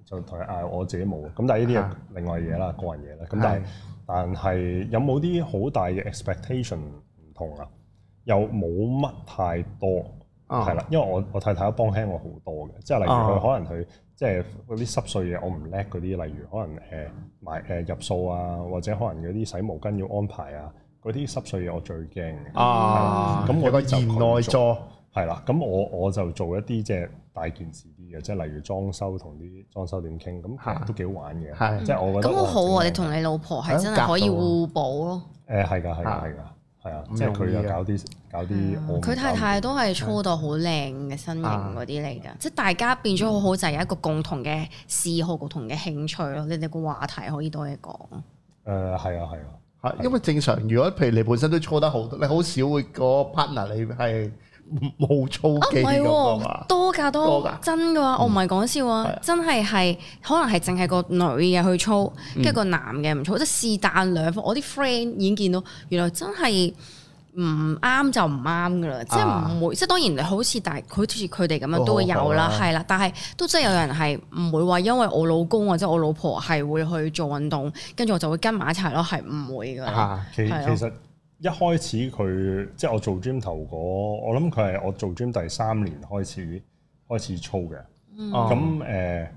就同佢嗌我自己冇。咁但係呢啲係另外嘢啦，個人嘢啦。咁、huh. uh huh. 但係、uh huh. 但係有冇啲好大嘅 expectation 唔同啊？又冇乜太多。哦，係啦， 因為我我太太都幫輕我好多嘅，即係例如佢可能佢即係嗰啲濕碎嘢我唔叻嗰啲，例如可能誒買誒入數啊，或者可能嗰啲洗毛巾要安排啊，嗰啲濕碎嘢我最驚嘅。啊，咁我業內咗。係啦，咁我我就做一啲即係大件事啲嘅，即係例如裝修同啲裝修店傾，咁都幾好玩嘅。即係我覺得咁好啊！你同你老婆係真係可以互補咯。誒係㗎，係㗎，係㗎，係啊！即係佢又搞啲。佢太太都係操到好靚嘅身形嗰啲嚟㗎，即係大家變咗好好就係有一個共同嘅嗜好、共同嘅興趣咯。你哋個話題可以多啲講。誒係啊係啊，嚇！因為正常如果譬如你本身都操得好多，你好少會嗰個 partner 你係冇操機咁樣嘛？多㗎，多㗎，真㗎我唔係講笑啊，真係係可能係淨係個女嘅去操，跟住個男嘅唔操，即係是但兩方。我啲 friend 已經見到原來真係。唔啱就唔啱噶啦，啊、即係唔會，即係當然，你好似但好似佢哋咁樣都會有啦，係啦、啊，但係都真係有人係唔會話，因為我老公或者、即係、我老婆係會去做運動，跟住我就會跟埋一齊咯，係唔會噶、啊。其是的 其實一開始佢即係我做 gym 頭嗰，我諗佢係我做 gym 第三年開始開始操嘅。咁誒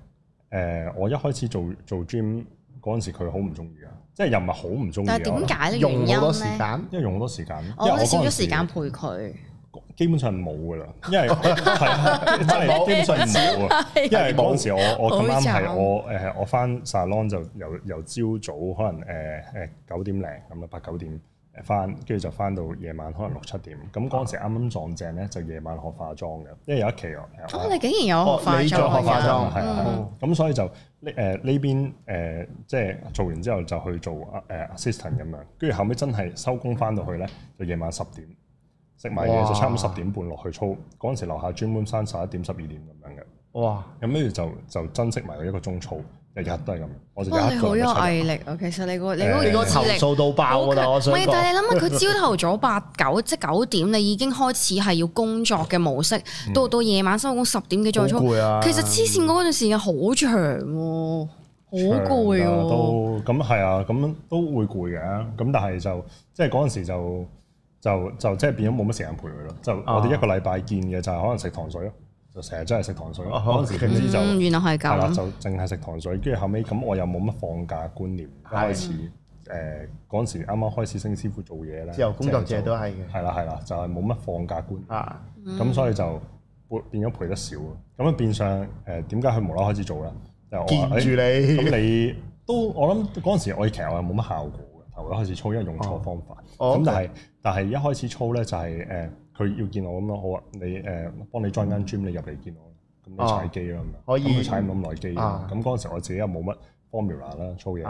誒，我一開始做做 gym 嗰陣時，佢好唔中意啊。即係又唔係好唔中意我。但係點解咧，原因咧？用好多時間，因為用好多時間。我少咗時間陪佢。基本上冇㗎啦，因為係、 哎、真係沒基本上冇！啊的。因為嗰陣時我沒我咁啱係我誒很憤、呃、我翻 salon 就由由朝早可能誒誒九點零咁啦，八九點。呃呃呃翻，跟住就翻到夜晚可能六七點。咁嗰陣時啱啱撞正咧，就夜晚學化妝嘅，因為有一期我、啊，咁、哦、你竟然有學化妝嘅，係啊、哦。咁、嗯、所以就呢誒呢邊誒、呃，即係做完之後就去做誒、呃、assistant 咁樣。跟住後尾真係收工翻到去咧，就夜晚十點食埋嘢就差唔多十點半落去操。嗰陣哇時樓下專門閂十一點十二點咁樣嘅。哇！咁跟住就就珍惜埋佢一個鐘操。日日都係咁，我哋你好有毅力啊！其實你個你個熱度，投訴到爆嘅啦。我唔係，但係你諗下，佢朝頭早八九即九點，你已經開始係要工作嘅模式，到到夜晚收工十點幾再出，其實黐線嗰段時間好長喎，好攰咯。都咁係啊，咁都會攰嘅。咁但係就即係嗰陣時就就就即係變咗冇乜時間陪佢咯。就我哋一個禮拜見嘅就係可能食糖水咯。就成日真係食糖水，嗰陣、哦、時就原來係、是、啦、嗯，就淨係食糖水。跟住後尾咁，我又冇乜放假觀念。的一開始誒嗰陣時啱啱開始升師傅做嘢咧，自由工作者都係嘅。係啦，係啦，就係冇乜放假觀念。啊，咁、嗯、所以就變咗陪得少啊。咁啊變相誒點解佢無啦啦開始做咧？就是、見住你咁、欸、你都我諗嗰陣時我其實係冇乜效果嘅。頭一開始操，因為用錯方法。哦。咁但係是以但係一開始操咧就係、是、誒。呃佢要見我咁樣好啊，你誒幫你裝間 gym 你入嚟見我咁你踩機啦咁樣，咁佢踩唔到咁耐機，咁嗰陣時我自己又冇乜 formula 啦，操嘢，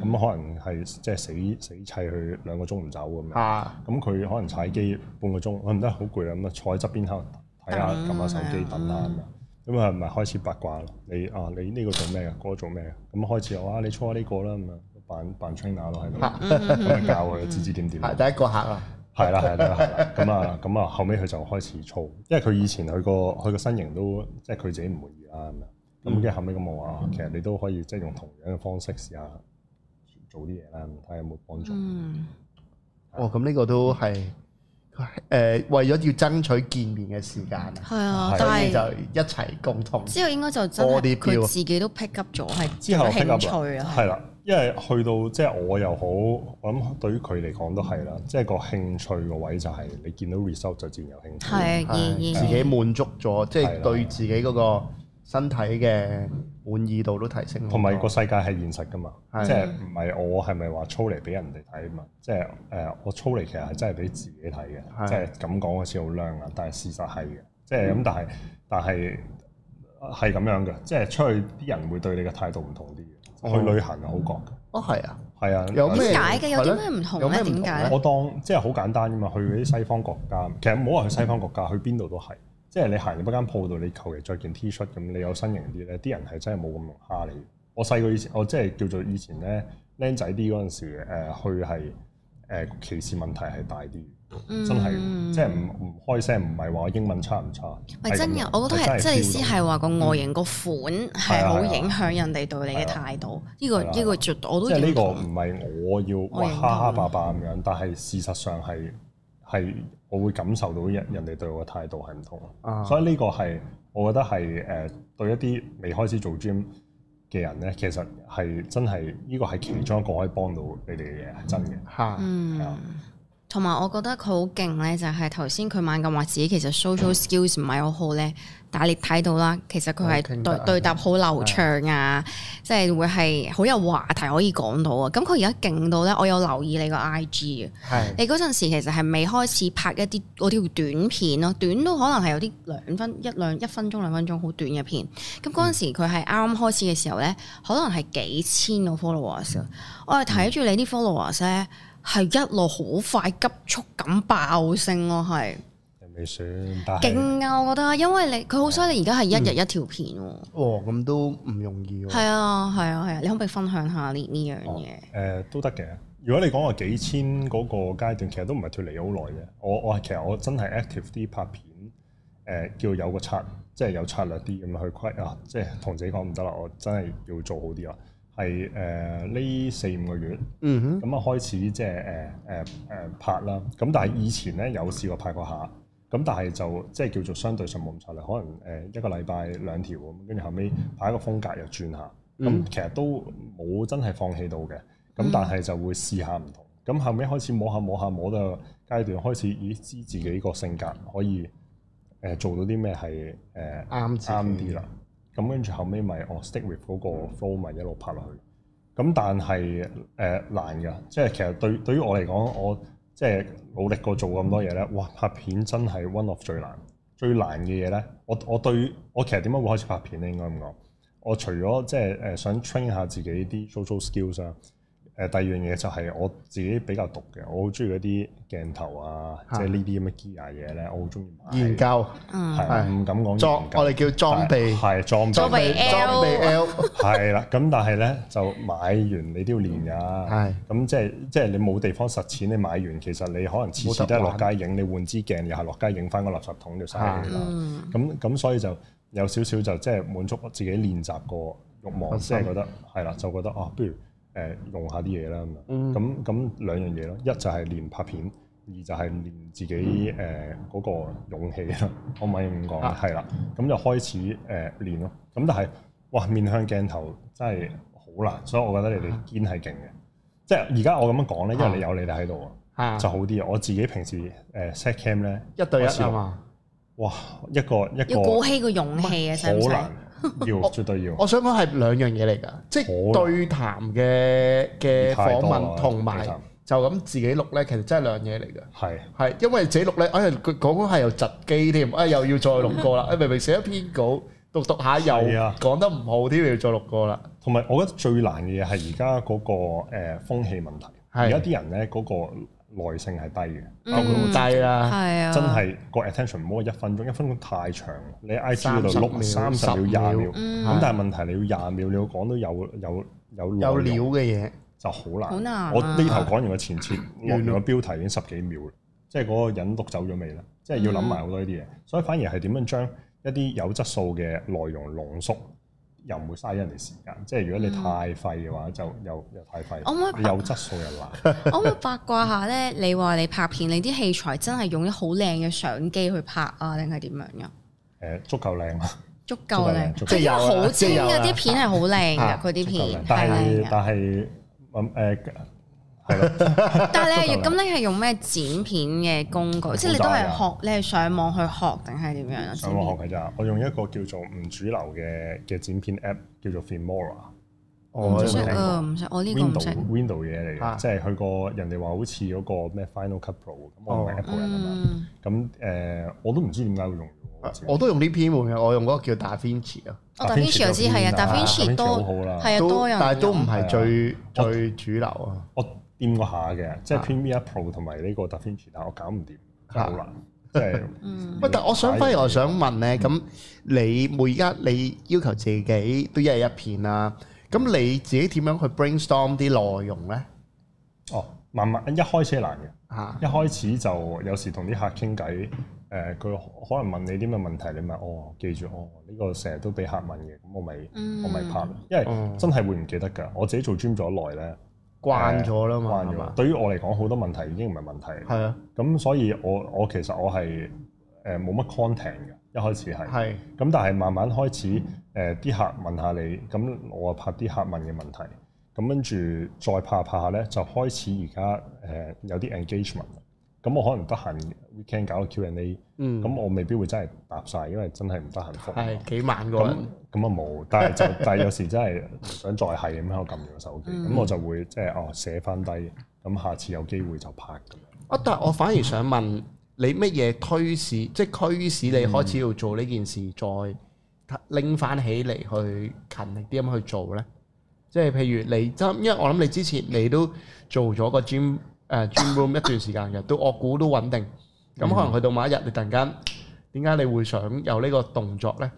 咁可能係即係死死砌去兩個鐘唔走咁樣，咁佢可能踩機半個鐘，我唔得好攰啊咁啊，坐喺側邊可能睇下撳下手機等啦咁啊，咁啊唔係開始八卦啦，你啊你呢個做咩嘅，嗰個做咩嘅，咁開始哇你操下呢個啦咁啊，扮扮 trainer 都喺度咁啊教我指指點點，係第一個客啊。係啦，係啦， 咁啊，咁啊，後尾佢就開始操，因為佢以前佢個佢個身形都即係佢自己唔滿意啦，咁啊，咁跟住後尾咁我話，其實你都可以即係用同樣嘅方式試下做啲嘢啦，睇下有冇幫助。嗯，哦，咁呢個都係誒，為咗要爭取見面嘅時間啊，係啊，但就一齊共通。之後應該就多啲，佢 Body 自己都 pick up 咗，係有興趣啊，係啦了。的因為去到即係我又好，我諗對於佢嚟講都係啦，即係個興趣個位就係你見到 result 就自然有興趣，係自己滿足咗，即係對自己嗰個身體嘅滿意度都提升。同埋個世界係現實㗎嘛，即係唔係我係咪話操嚟俾人哋睇啊？即係誒，我操嚟其實係真係俾自己睇嘅，即係咁講好似好靚啊，但係事實係嘅，即係咁，嗯、但係但係係咁樣嘅，即係出去啲人會對你嘅態度唔同啲。去旅行覺、哦、啊，好講哦，係啊，係啊，有咩解嘅？有啲咩唔同咧？啊？點解？我當即係好簡單噶嘛，去啲西方國家，其實唔好話去西方國家，去邊度都係。即係你行入嗰間鋪度，你求其著件 T-shirt 咁，你有身形啲咧，啲人係真係冇咁蝦你。我細個以前，我即係叫做以前咧，僆仔啲嗰陣時，誒去係誒歧視問題係大啲。真係，即係唔唔開聲，唔係話英文差唔差。喂，真嘅，我覺得係即係意思係話個外形個款係好影響人哋對你嘅態度。呢個呢個絕對我都即係呢個唔係我要哇，哈哈爸爸咁樣，但係事實上係係我會感受到人人哋對我嘅態度係唔同。所以呢個係我覺得係誒對一啲未開始做 gym 嘅人咧，其實係真係呢個係其中一個可以幫到你哋嘅嘢係真嘅。吓，嗯。同埋我覺得佢好勁咧，就係頭先佢猛咁話自己其實 social skills 唔係好好咧， 但你睇到啦，其實佢係對 對答好流暢啊，即係會係好有話題可以講到啊。咁佢而家勁到咧，我有留意你個 IG 啊， 你嗰陣時其實係未開始拍一啲嗰條短片咯，短都可能係有啲兩分一兩一分鐘兩分鐘好短嘅片。咁嗰陣時佢係啱啱開始嘅時候咧，可能係幾千個 followers。嗯、 我係睇住你啲 followers 咧。係一路好快急速咁爆升咯、啊，係。未算，但勁啊！我覺得，因為你佢好犀利、啊，而家係一日一條片喎。哦，咁都唔容易。係啊，係啊，係啊，啊，你可唔可以分享下呢呢樣嘢？誒、哦呃，都得嘅。如果你講話幾千嗰個階段，其實都唔係脫離好耐嘅。我我係其實我真係 active 啲拍片，誒、呃、叫有個策略，即係有策略啲咁去規啊。即係同自己講唔得啦，我真係要做好啲啊。係誒呢四五個月，咁啊、嗯、哼開始即係誒誒誒拍啦。咁但係以前咧有試過拍過下，咁但係就即係、就是、叫做相對上冇咁差啦。可能誒一個禮拜兩條咁，跟住後尾拍一個風格又轉下，咁、嗯、其實都冇真係放棄到嘅。咁但係就會試下唔同。咁、嗯、後尾開始摸下摸下摸到階段，開始已知自己個性格可以誒做到啲咩係誒啱啱啲啦。咁跟住後尾咪，我 stick with 嗰個 flow 一路拍落去。咁但係誒、呃、難㗎，即係其實對對於我嚟講，我即係努力過做咁多嘢咧，哇！拍片真係 one of 最難，最難嘅嘢咧，我我對我其實點解會開始拍片咧？應該咁講。我除咗即係誒想 train 下自己啲 social skills 啊。誒第二樣嘢就係我自己比較毒嘅。我好中意嗰啲鏡頭啊，即係呢啲咁嘅 gear 嘢咧，我好中意研究，係唔敢講裝，我哋叫裝備，係裝裝備 L，係啦。咁但係咧就買完你都要練噶，係咁即係即係你冇地方實踐，你買完其實你可能次次都係落街影，你換支鏡又係落街影翻個垃圾桶就晒啦。咁咁所以就有少少就即係滿足自己練習個慾望先，覺得係啦，就覺得啊，不如。誒用下啲嘢啦咁，咁咁兩樣嘢咯。一就係練拍片，二就係練自己誒嗰、嗯呃嗰個勇氣啦。可以咁講，係啦、啊，咁就開始誒、呃、練咯。咁但係哇，面向鏡頭真係好難，所以我覺得你哋堅係勁嘅。啊、即係而家我咁樣講咧，因為你有你哋喺度啊，就好啲。我自己平時誒 set cam 咧，一對一啊嘛，嗎哇一個一個，要鼓起個勇氣啊，真係好難。要，絕對要。 我，我想講係兩樣嘢嚟噶，即係的對談嘅嘅訪問，同埋以及 就咁自己錄咧，其實真係兩樣嘢嚟噶。係係是，因為自己錄咧，哎，佢講講係又窒機添，哎，又要再錄過啦。哎，明明寫一篇稿，讀讀下又講得唔好啲，啊、又要再錄過啦。同埋，我覺得最難嘅嘢係而家嗰個誒風氣問題，而家啲人咧、那、嗰個。耐性係低嘅，低啊，真係個 attention 唔好一分鐘，一分鐘太長啦。你 IG 度碌，秒、三十秒、廿秒，咁但係問題你要廿秒，你要講到有有有有料嘅嘢就好難。我呢頭講完個前設，落完個標題已經十幾秒，即係嗰個引讀走咗未啦？即係要諗埋好多呢啲嘢，所以反而係點樣將一啲有質素嘅內容濃縮？又唔會嘥人哋時間，即係如果你太廢嘅話，嗯、就又又太廢，我有質素又難。 我咪八卦下咧，你話你拍片，你啲器材真係用啲好靚嘅相機去拍啊，定係點樣嘅？誒，足夠靚啊！足夠靚，即係有好清啊！啲片係好靚噶，佢啲片。但係是但係咁、嗯呃但係你係用咁你係用咩剪片嘅工具？即係你都係學，你係上網去學定係點樣？上網學噶咋？我用一個叫做唔主流嘅嘅剪片 app，叫做 Filmora，唔識，唔識，我呢個唔識。Window 嘢嚟嘅，即係佢個人哋話好似嗰個咩 Final Cut Pro 咁，我唔係一個人啊嘛。咁誒，我都唔知點解會用。我都用呢邊換嘅，我用嗰個叫達芬奇咯。達芬奇老師係啊，達芬奇多係啊，多人，但係都唔係最最主流啊。我。掂過下嘅，即係 Premiere Pro 同埋呢個達芬奇，但係我搞唔掂，好的難，即係。嗯。喂，但我想反而我想問咧，咁、嗯、你每家你要求自己都一日一片啊？咁你自己點樣去 brainstorm 啲內容咧？哦，慢慢一開始難嘅，一開始就有時同啲客傾偈，誒、呃，佢可能問你啲咩問題，你咪哦記住哦，呢、這個成日都俾客問嘅，咁我咪、嗯、我咪拍，因為真係會唔記得㗎。我自己做 gym 咗耐咧。慣咗啦嘛，嗯、慣咗，對於我嚟講好多問題已經唔係問題。係啊，咁所以我我其實我係誒冇乜 content 嘅，一開始係。係是。咁但係慢慢開始誒啲、呃、客問下你，咁我拍啲客問嘅問題，咁跟住再拍，一拍一下拍下咧，就開始而家誒有啲 engagement。咁我可能得閒，we can 搞個 Q&A。咁、嗯、我未必會真係答晒，因為真係唔得閒覆。係幾萬個人。咁啊冇，但係就但係有時真係想再係咁喺度撳住個手機，咁、嗯、我就會即係哦寫翻低。咁下次有機會就拍㗎。啊、哦！但係我反而想問你乜嘢推使，即、就、係、是、推使你開始要做呢件事，嗯、再拎翻起嚟去勤力啲咁去做咧？即、就、係、是、譬如你針，因為我諗你之前你都做咗個 gym。誒 gym room 一段時間嘅，對樂股都穩定，咁可能去到某一日你突然間點解你會想有呢個動作咧？誒、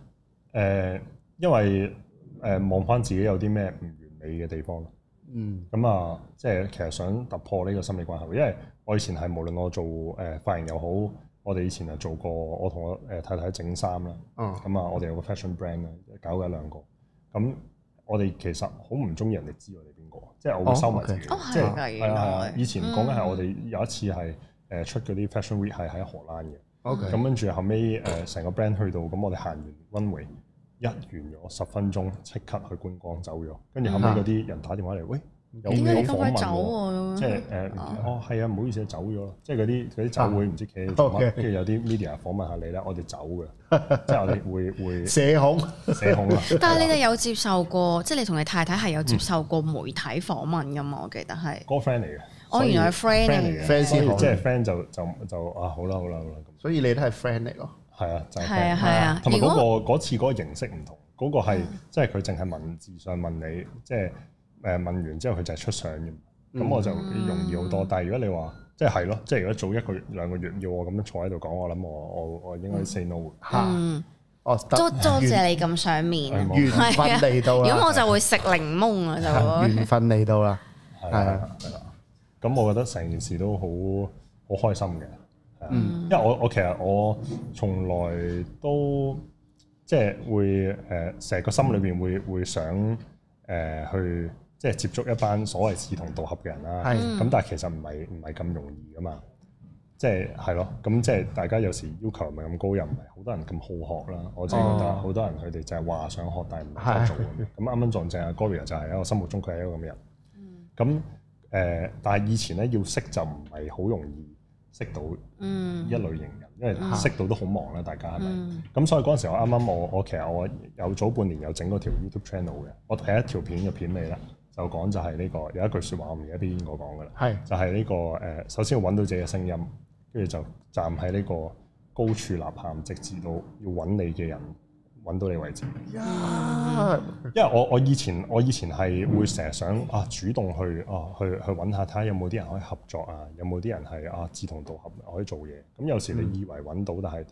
呃，因為誒望翻自己有啲咩唔完美嘅地方咯。嗯。咁啊，即係其實想突破呢個心理關口，因為我以前係無論我做誒髮型又好，我哋以前係做過我同我誒太太整衫啦。哦、嗯。咁啊，我哋有個 fashion brand 啊，搞咗一兩個。咁、嗯。我哋其實好唔中意人哋知我哋邊個，即係我會收埋自己。Oh, okay. 即係係啊，係啊，以前講緊係我哋有一次係誒出嗰啲 fashion week 係喺荷蘭嘅。咁跟住後尾誒成個 brand 去到，咁我哋行完 runway 一完咗十分鐘，即刻去觀光走咗。跟住後尾嗰啲人打電話嚟，mm hmm. 喂。點解你咁快走喎？即係誒，哦，係啊，唔好意思，走咗咯。即係嗰啲嗰啲酒會唔知企住乜，跟住有啲 media 訪問下你咧，我哋走嘅，即係我哋會會社恐，社恐。但係你哋有接受過，即係你同你太太係有接受過媒體訪問噶嘛？我記得係哥 friend 嚟嘅。我原來係 friend 嚟嘅，friend 先即係 friend 就就就啊，好啦好啦好啦。所以你都係 friend 嚟咯。係啊，係啊就係啊。同埋嗰個次嗰個形式唔同，嗰個係即係佢淨係文字上問你，即係。誒問完之後，佢就係出相嘅，咁我就容易好多。但係如果你話，即係係咯，即係如果早一個月、兩個月要我咁樣坐喺度講，我諗我我我應該 say no。嗯，哦、啊，多多謝你咁賞面，緣分嚟到啦。如果我就會食檸檬啦，就緣分嚟到啦。係啊，係咁我覺得成件事都好好開心嘅。嗯，嗯因為我我其實我從來都即係會誒成、呃、個心裏邊會會想誒、呃、去。即係接觸一班所謂志同道合嘅人啦，咁的但係其實唔係唔係咁容易㗎嘛，就是、即係係咯，咁即係大家有時要求唔係咁高，又唔係好多人咁好學啦。我知，但係好多人佢哋就係話想學，哦、但係唔夠做咁。啱啱撞正阿 Goria 就係我心目中佢係一個咁嘅人。咁誒、嗯呃，但係以前咧要識就唔係好容易識到一類型人，因為識到都好忙啦，嗯、大家係咪？咁、嗯、所以嗰陣時我啱啱我我，我其實我有早半年有整嗰條 YouTube channel 嘅，我睇一條片嘅片尾啦。有講就係呢、這個有一句説話我，我唔記得邊個講噶啦，就係呢、這個誒，首先要揾到自己嘅聲音，跟住就站喺呢個高處吶喊，直至到要揾你嘅人揾到你為止。Yeah. 因為我我以前我以前係會成日想啊主動去哦、啊、去去揾下睇下有冇啲人可以合作啊，有冇啲人係啊志同道合可以做嘢。咁有時你以為揾到，mm. 但係。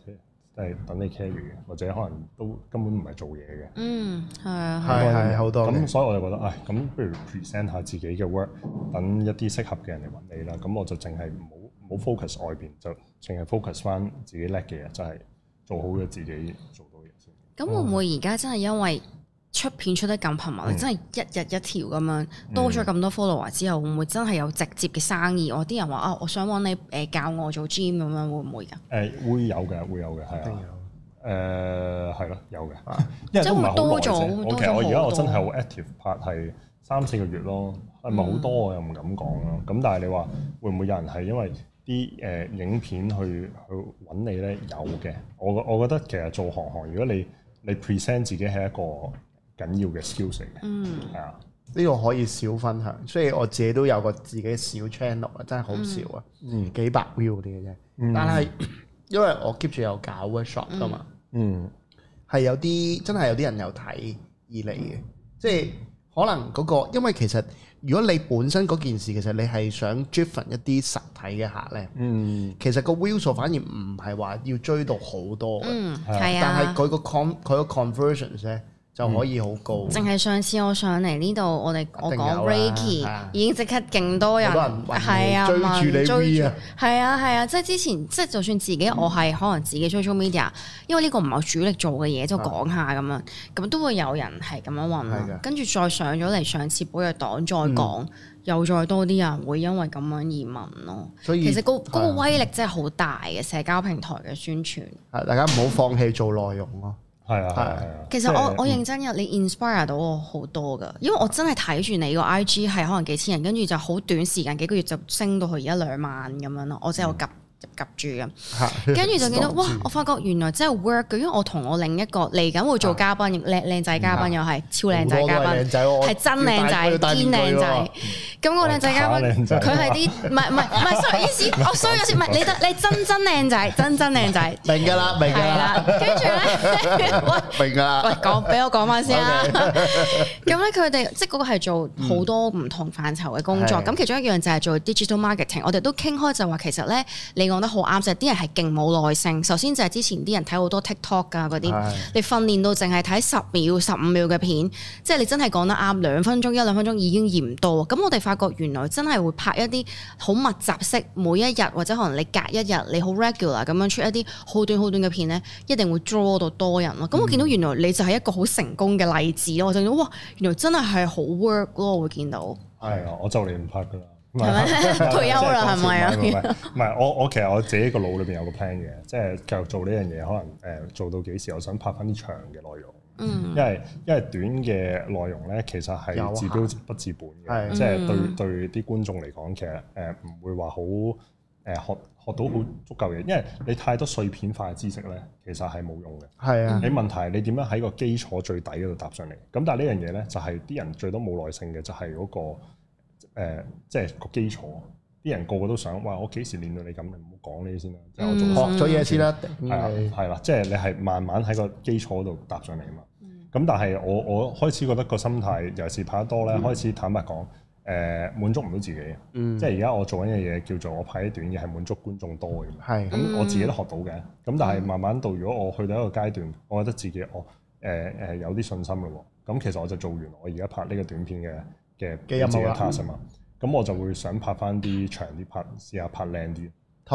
係等你 carry 嘅，或者可能都根本唔係做嘢嘅。嗯，係啊，係係好多。咁、啊啊、所以我就覺得，唉，咁不如 present 下自己嘅 work，等一啲適合嘅人嚟揾你啦。咁我就淨係唔好唔好 focus 外邊，就淨係 focus 返自己叻嘅人，就係、是、做好咗自己做到嘅嘢先。咁、嗯、會唔會而家真係因為？出片出得咁頻密，嗯、真係一日一條咁樣，多咗咁多 follower 之後，嗯、會唔會真係有直接嘅生意？我啲人話啊、哦，我想揾你誒教我做 gym 咁樣，會唔會噶？誒會有嘅，會有嘅，係啊，誒係咯，有嘅， 因為唔係多咗，多咗好多。我而家我，我真係好 active 拍，係三四個月咯，唔係好多我又唔敢講啊。咁但係你話會唔會有人係因為啲誒影片去去揾你咧？有嘅，我我覺得其實做行行，如果你你 present 自己係一個。緊要嘅 skills 嘅，係啊、嗯，呢個可以少分享。所以我自己都有個自己小 channel 啊，真係好少啊，幾百 view 啲嘅啫。但係、嗯、因為我 keep 住有搞 workshop 噶嘛、嗯，係有啲真係有啲人有睇而嚟嘅，嗯、即係可能嗰、嗰個，因為其實如果你本身嗰件事其實你係想 driven 一啲實體嘅客咧，嗯、其實個 view 數反而唔係話要追到好多嘅，嗯、但係佢個 con 佢個 conversions 咧，就可以好高。淨係上次我上嚟呢度，我哋我講 Ricky 已經即刻勁多人，係啊追住你追 e 係啊係啊。即係之前，即係就算自己，我係可能自己 social media，因為呢個唔係主力做嘅嘢，就講下咁樣，咁都會有人係咁樣問。跟住再上咗嚟，上次寶藥黨再講，又再多啲人會因為咁樣而問咯。所以其實個嗰個威力真係好大嘅社交平台嘅宣傳。大家唔好放棄做內容咯。係啊係啊，其實我是我認真嘅，你 inspire 到我好多噶，因為我真係睇住你個 IG 係可能幾千人，跟住就好短時間幾個月就升到去一兩萬咁樣咯，我真係好急。入夾住咁，跟住就見到哇！我發覺原來真係 work 嘅，因為我同我另一個嚟緊會做嘉賓，亦靚靚仔嘉賓又係超靚仔嘉賓，係真靚仔，堅靚仔。咁個靚仔嘉賓，佢係啲唔係唔係唔係衰意思，我衰咗先，唔係你得你真真靚仔，真真靚仔，明㗎啦，明㗎啦。跟住咧，喂，明㗎。喂，講俾我講翻先啦。咁咧，佢哋即係嗰個係做好多唔同範疇嘅工作，咁其中一樣就係做 digital marketing。我哋都傾開就話其實咧，你。講得好啱，就係啲人係勁冇耐性。首先就係之前啲人睇好多 TikTok 啊嗰啲，是的 你訓練到淨係睇十秒、十五秒嘅片，即係你真係講得啱，兩分鐘、一兩分鐘已經嫌多。咁我哋發覺原來真係會拍一啲好密集式，每一日或者可能你隔一日你好 regular 咁樣出一啲好短好短嘅片咧，一定會 draw 到多人咯。咁我見到原來你就係一個好成功嘅例子咯。嗯、我見到哇，原來真係係好 work 咯，我會見到。係啊，我就嚟唔拍噶啦。退 休啦了，係咪啊？唔係，唔係，我我其實我自己個腦裏邊有個 plan 嘅，即係繼續做呢樣嘢，可能誒做到幾時，我想拍翻啲長嘅內容。嗯，因為因為短嘅內容咧限，其實係治標不治本嘅，即係對對啲觀眾嚟講，其實誒唔會話好誒學學到好足夠嘅，因為你太多碎片化嘅知識咧，其實係冇用嘅。係啊，你問題你點樣喺個基礎最底嗰度搭上嚟？咁但係呢樣嘢咧，就係啲人最多冇耐性嘅，就係嗰個。誒、呃，即係個基礎，啲人個個都想，哇！我幾時練到你咁？你唔好講呢啲先啦，即係我學咗嘢先啦。係啦，即係你係慢慢喺個基礎度搭上嚟啊嘛。咁但係我我開始覺得個心態，尤其是拍得多咧，開始、嗯、坦白講，誒、呃、滿足唔到自己、嗯、即係而家我做緊嘅嘢叫做我拍一段嘢係滿足觀眾多嘅。咁、嗯嗯、我自己都學到嘅。咁但係慢慢到如果我去到一個階段，我覺得自己我誒誒有啲信心咯。咁其實我就做完我而家拍呢個短片嘅嘅任務啊，咁我就會想拍翻啲長啲拍，試下拍靚啲，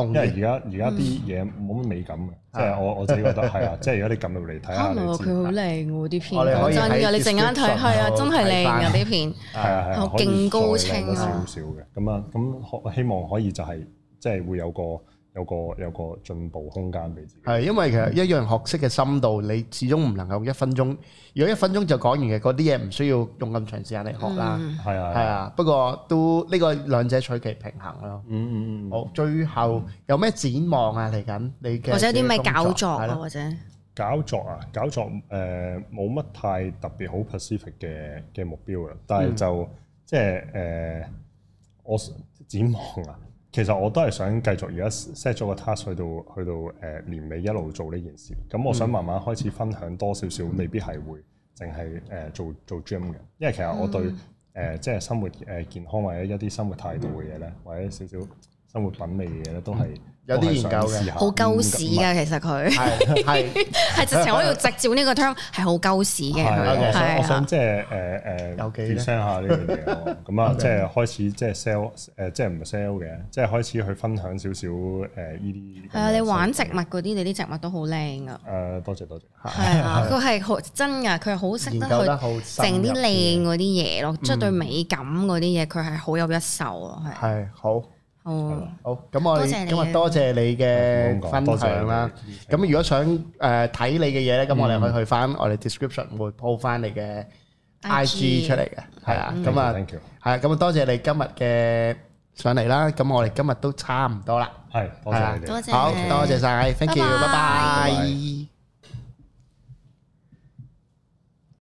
因為而家而家啲嘢冇乜美感嘅，即係我我自己覺得係啊，即係而家你撳入嚟睇嚇，唔係佢好靚喎啲片，真㗎，你陣間睇係啊，真係靚㗎呢片，係啊係啊，勁高清啊，少少嘅，咁啊咁希望可以就係即係會有個，有個有個進步空間俾自己，係因為其實一樣學識嘅深度，你始終唔能夠一分鐘。如果一分鐘就講完嘅，嗰啲嘢唔需要用咁長時間嚟學啦。係啊、嗯的，係啊。不過都呢、呢個兩者取其平衡咯。嗯嗯嗯。好最後、嗯、有咩展望啊？嚟緊你嘅，或者啲咩搞作啊？或者搞作啊？搞作誒冇乜太特別好 pacific 嘅嘅目標啦。但係就、嗯嗯、即係誒、呃，我展望啊。其實我都係想繼續而家 set 咗個 task 去到去到誒年尾一路做呢件事。咁我想慢慢開始分享多少少，未必係會淨係誒做做 gym 嘅，因為其實我對誒即係生活誒健康或者一啲生活態度嘅嘢咧，或者少少.生活品味嘅嘢咧，都係有啲研究嘅，好鳩屎嘅。其實佢係直情我要直照呢個 turn 係好鳩屎嘅。係，我想想即係誒誒，share 下呢樣嘢咯。咁啊，即係開始即係 sell 誒，即係唔係 sell 嘅，即係開始去分享少少誒呢啲。係啊，你玩植物嗰啲，你啲植物都好靚噶。誒，多謝多謝。係啊，佢係好真㗎，佢係好識得去成啲靚嗰啲嘢咯，即係對美感嗰啲嘢，佢係好有一手咯。係係好。哦，好，咁我哋今日多謝你嘅分享啦。咁如果想誒睇你嘅嘢咧，咁我哋可以去翻我哋 description 會 po 翻你嘅 IG 出嚟嘅，係啊，咁啊，係啊，咁啊，多謝你今日嘅上嚟啦。咁我哋今日都差唔多啦，係，多謝你，好多謝晒。thank you，拜拜。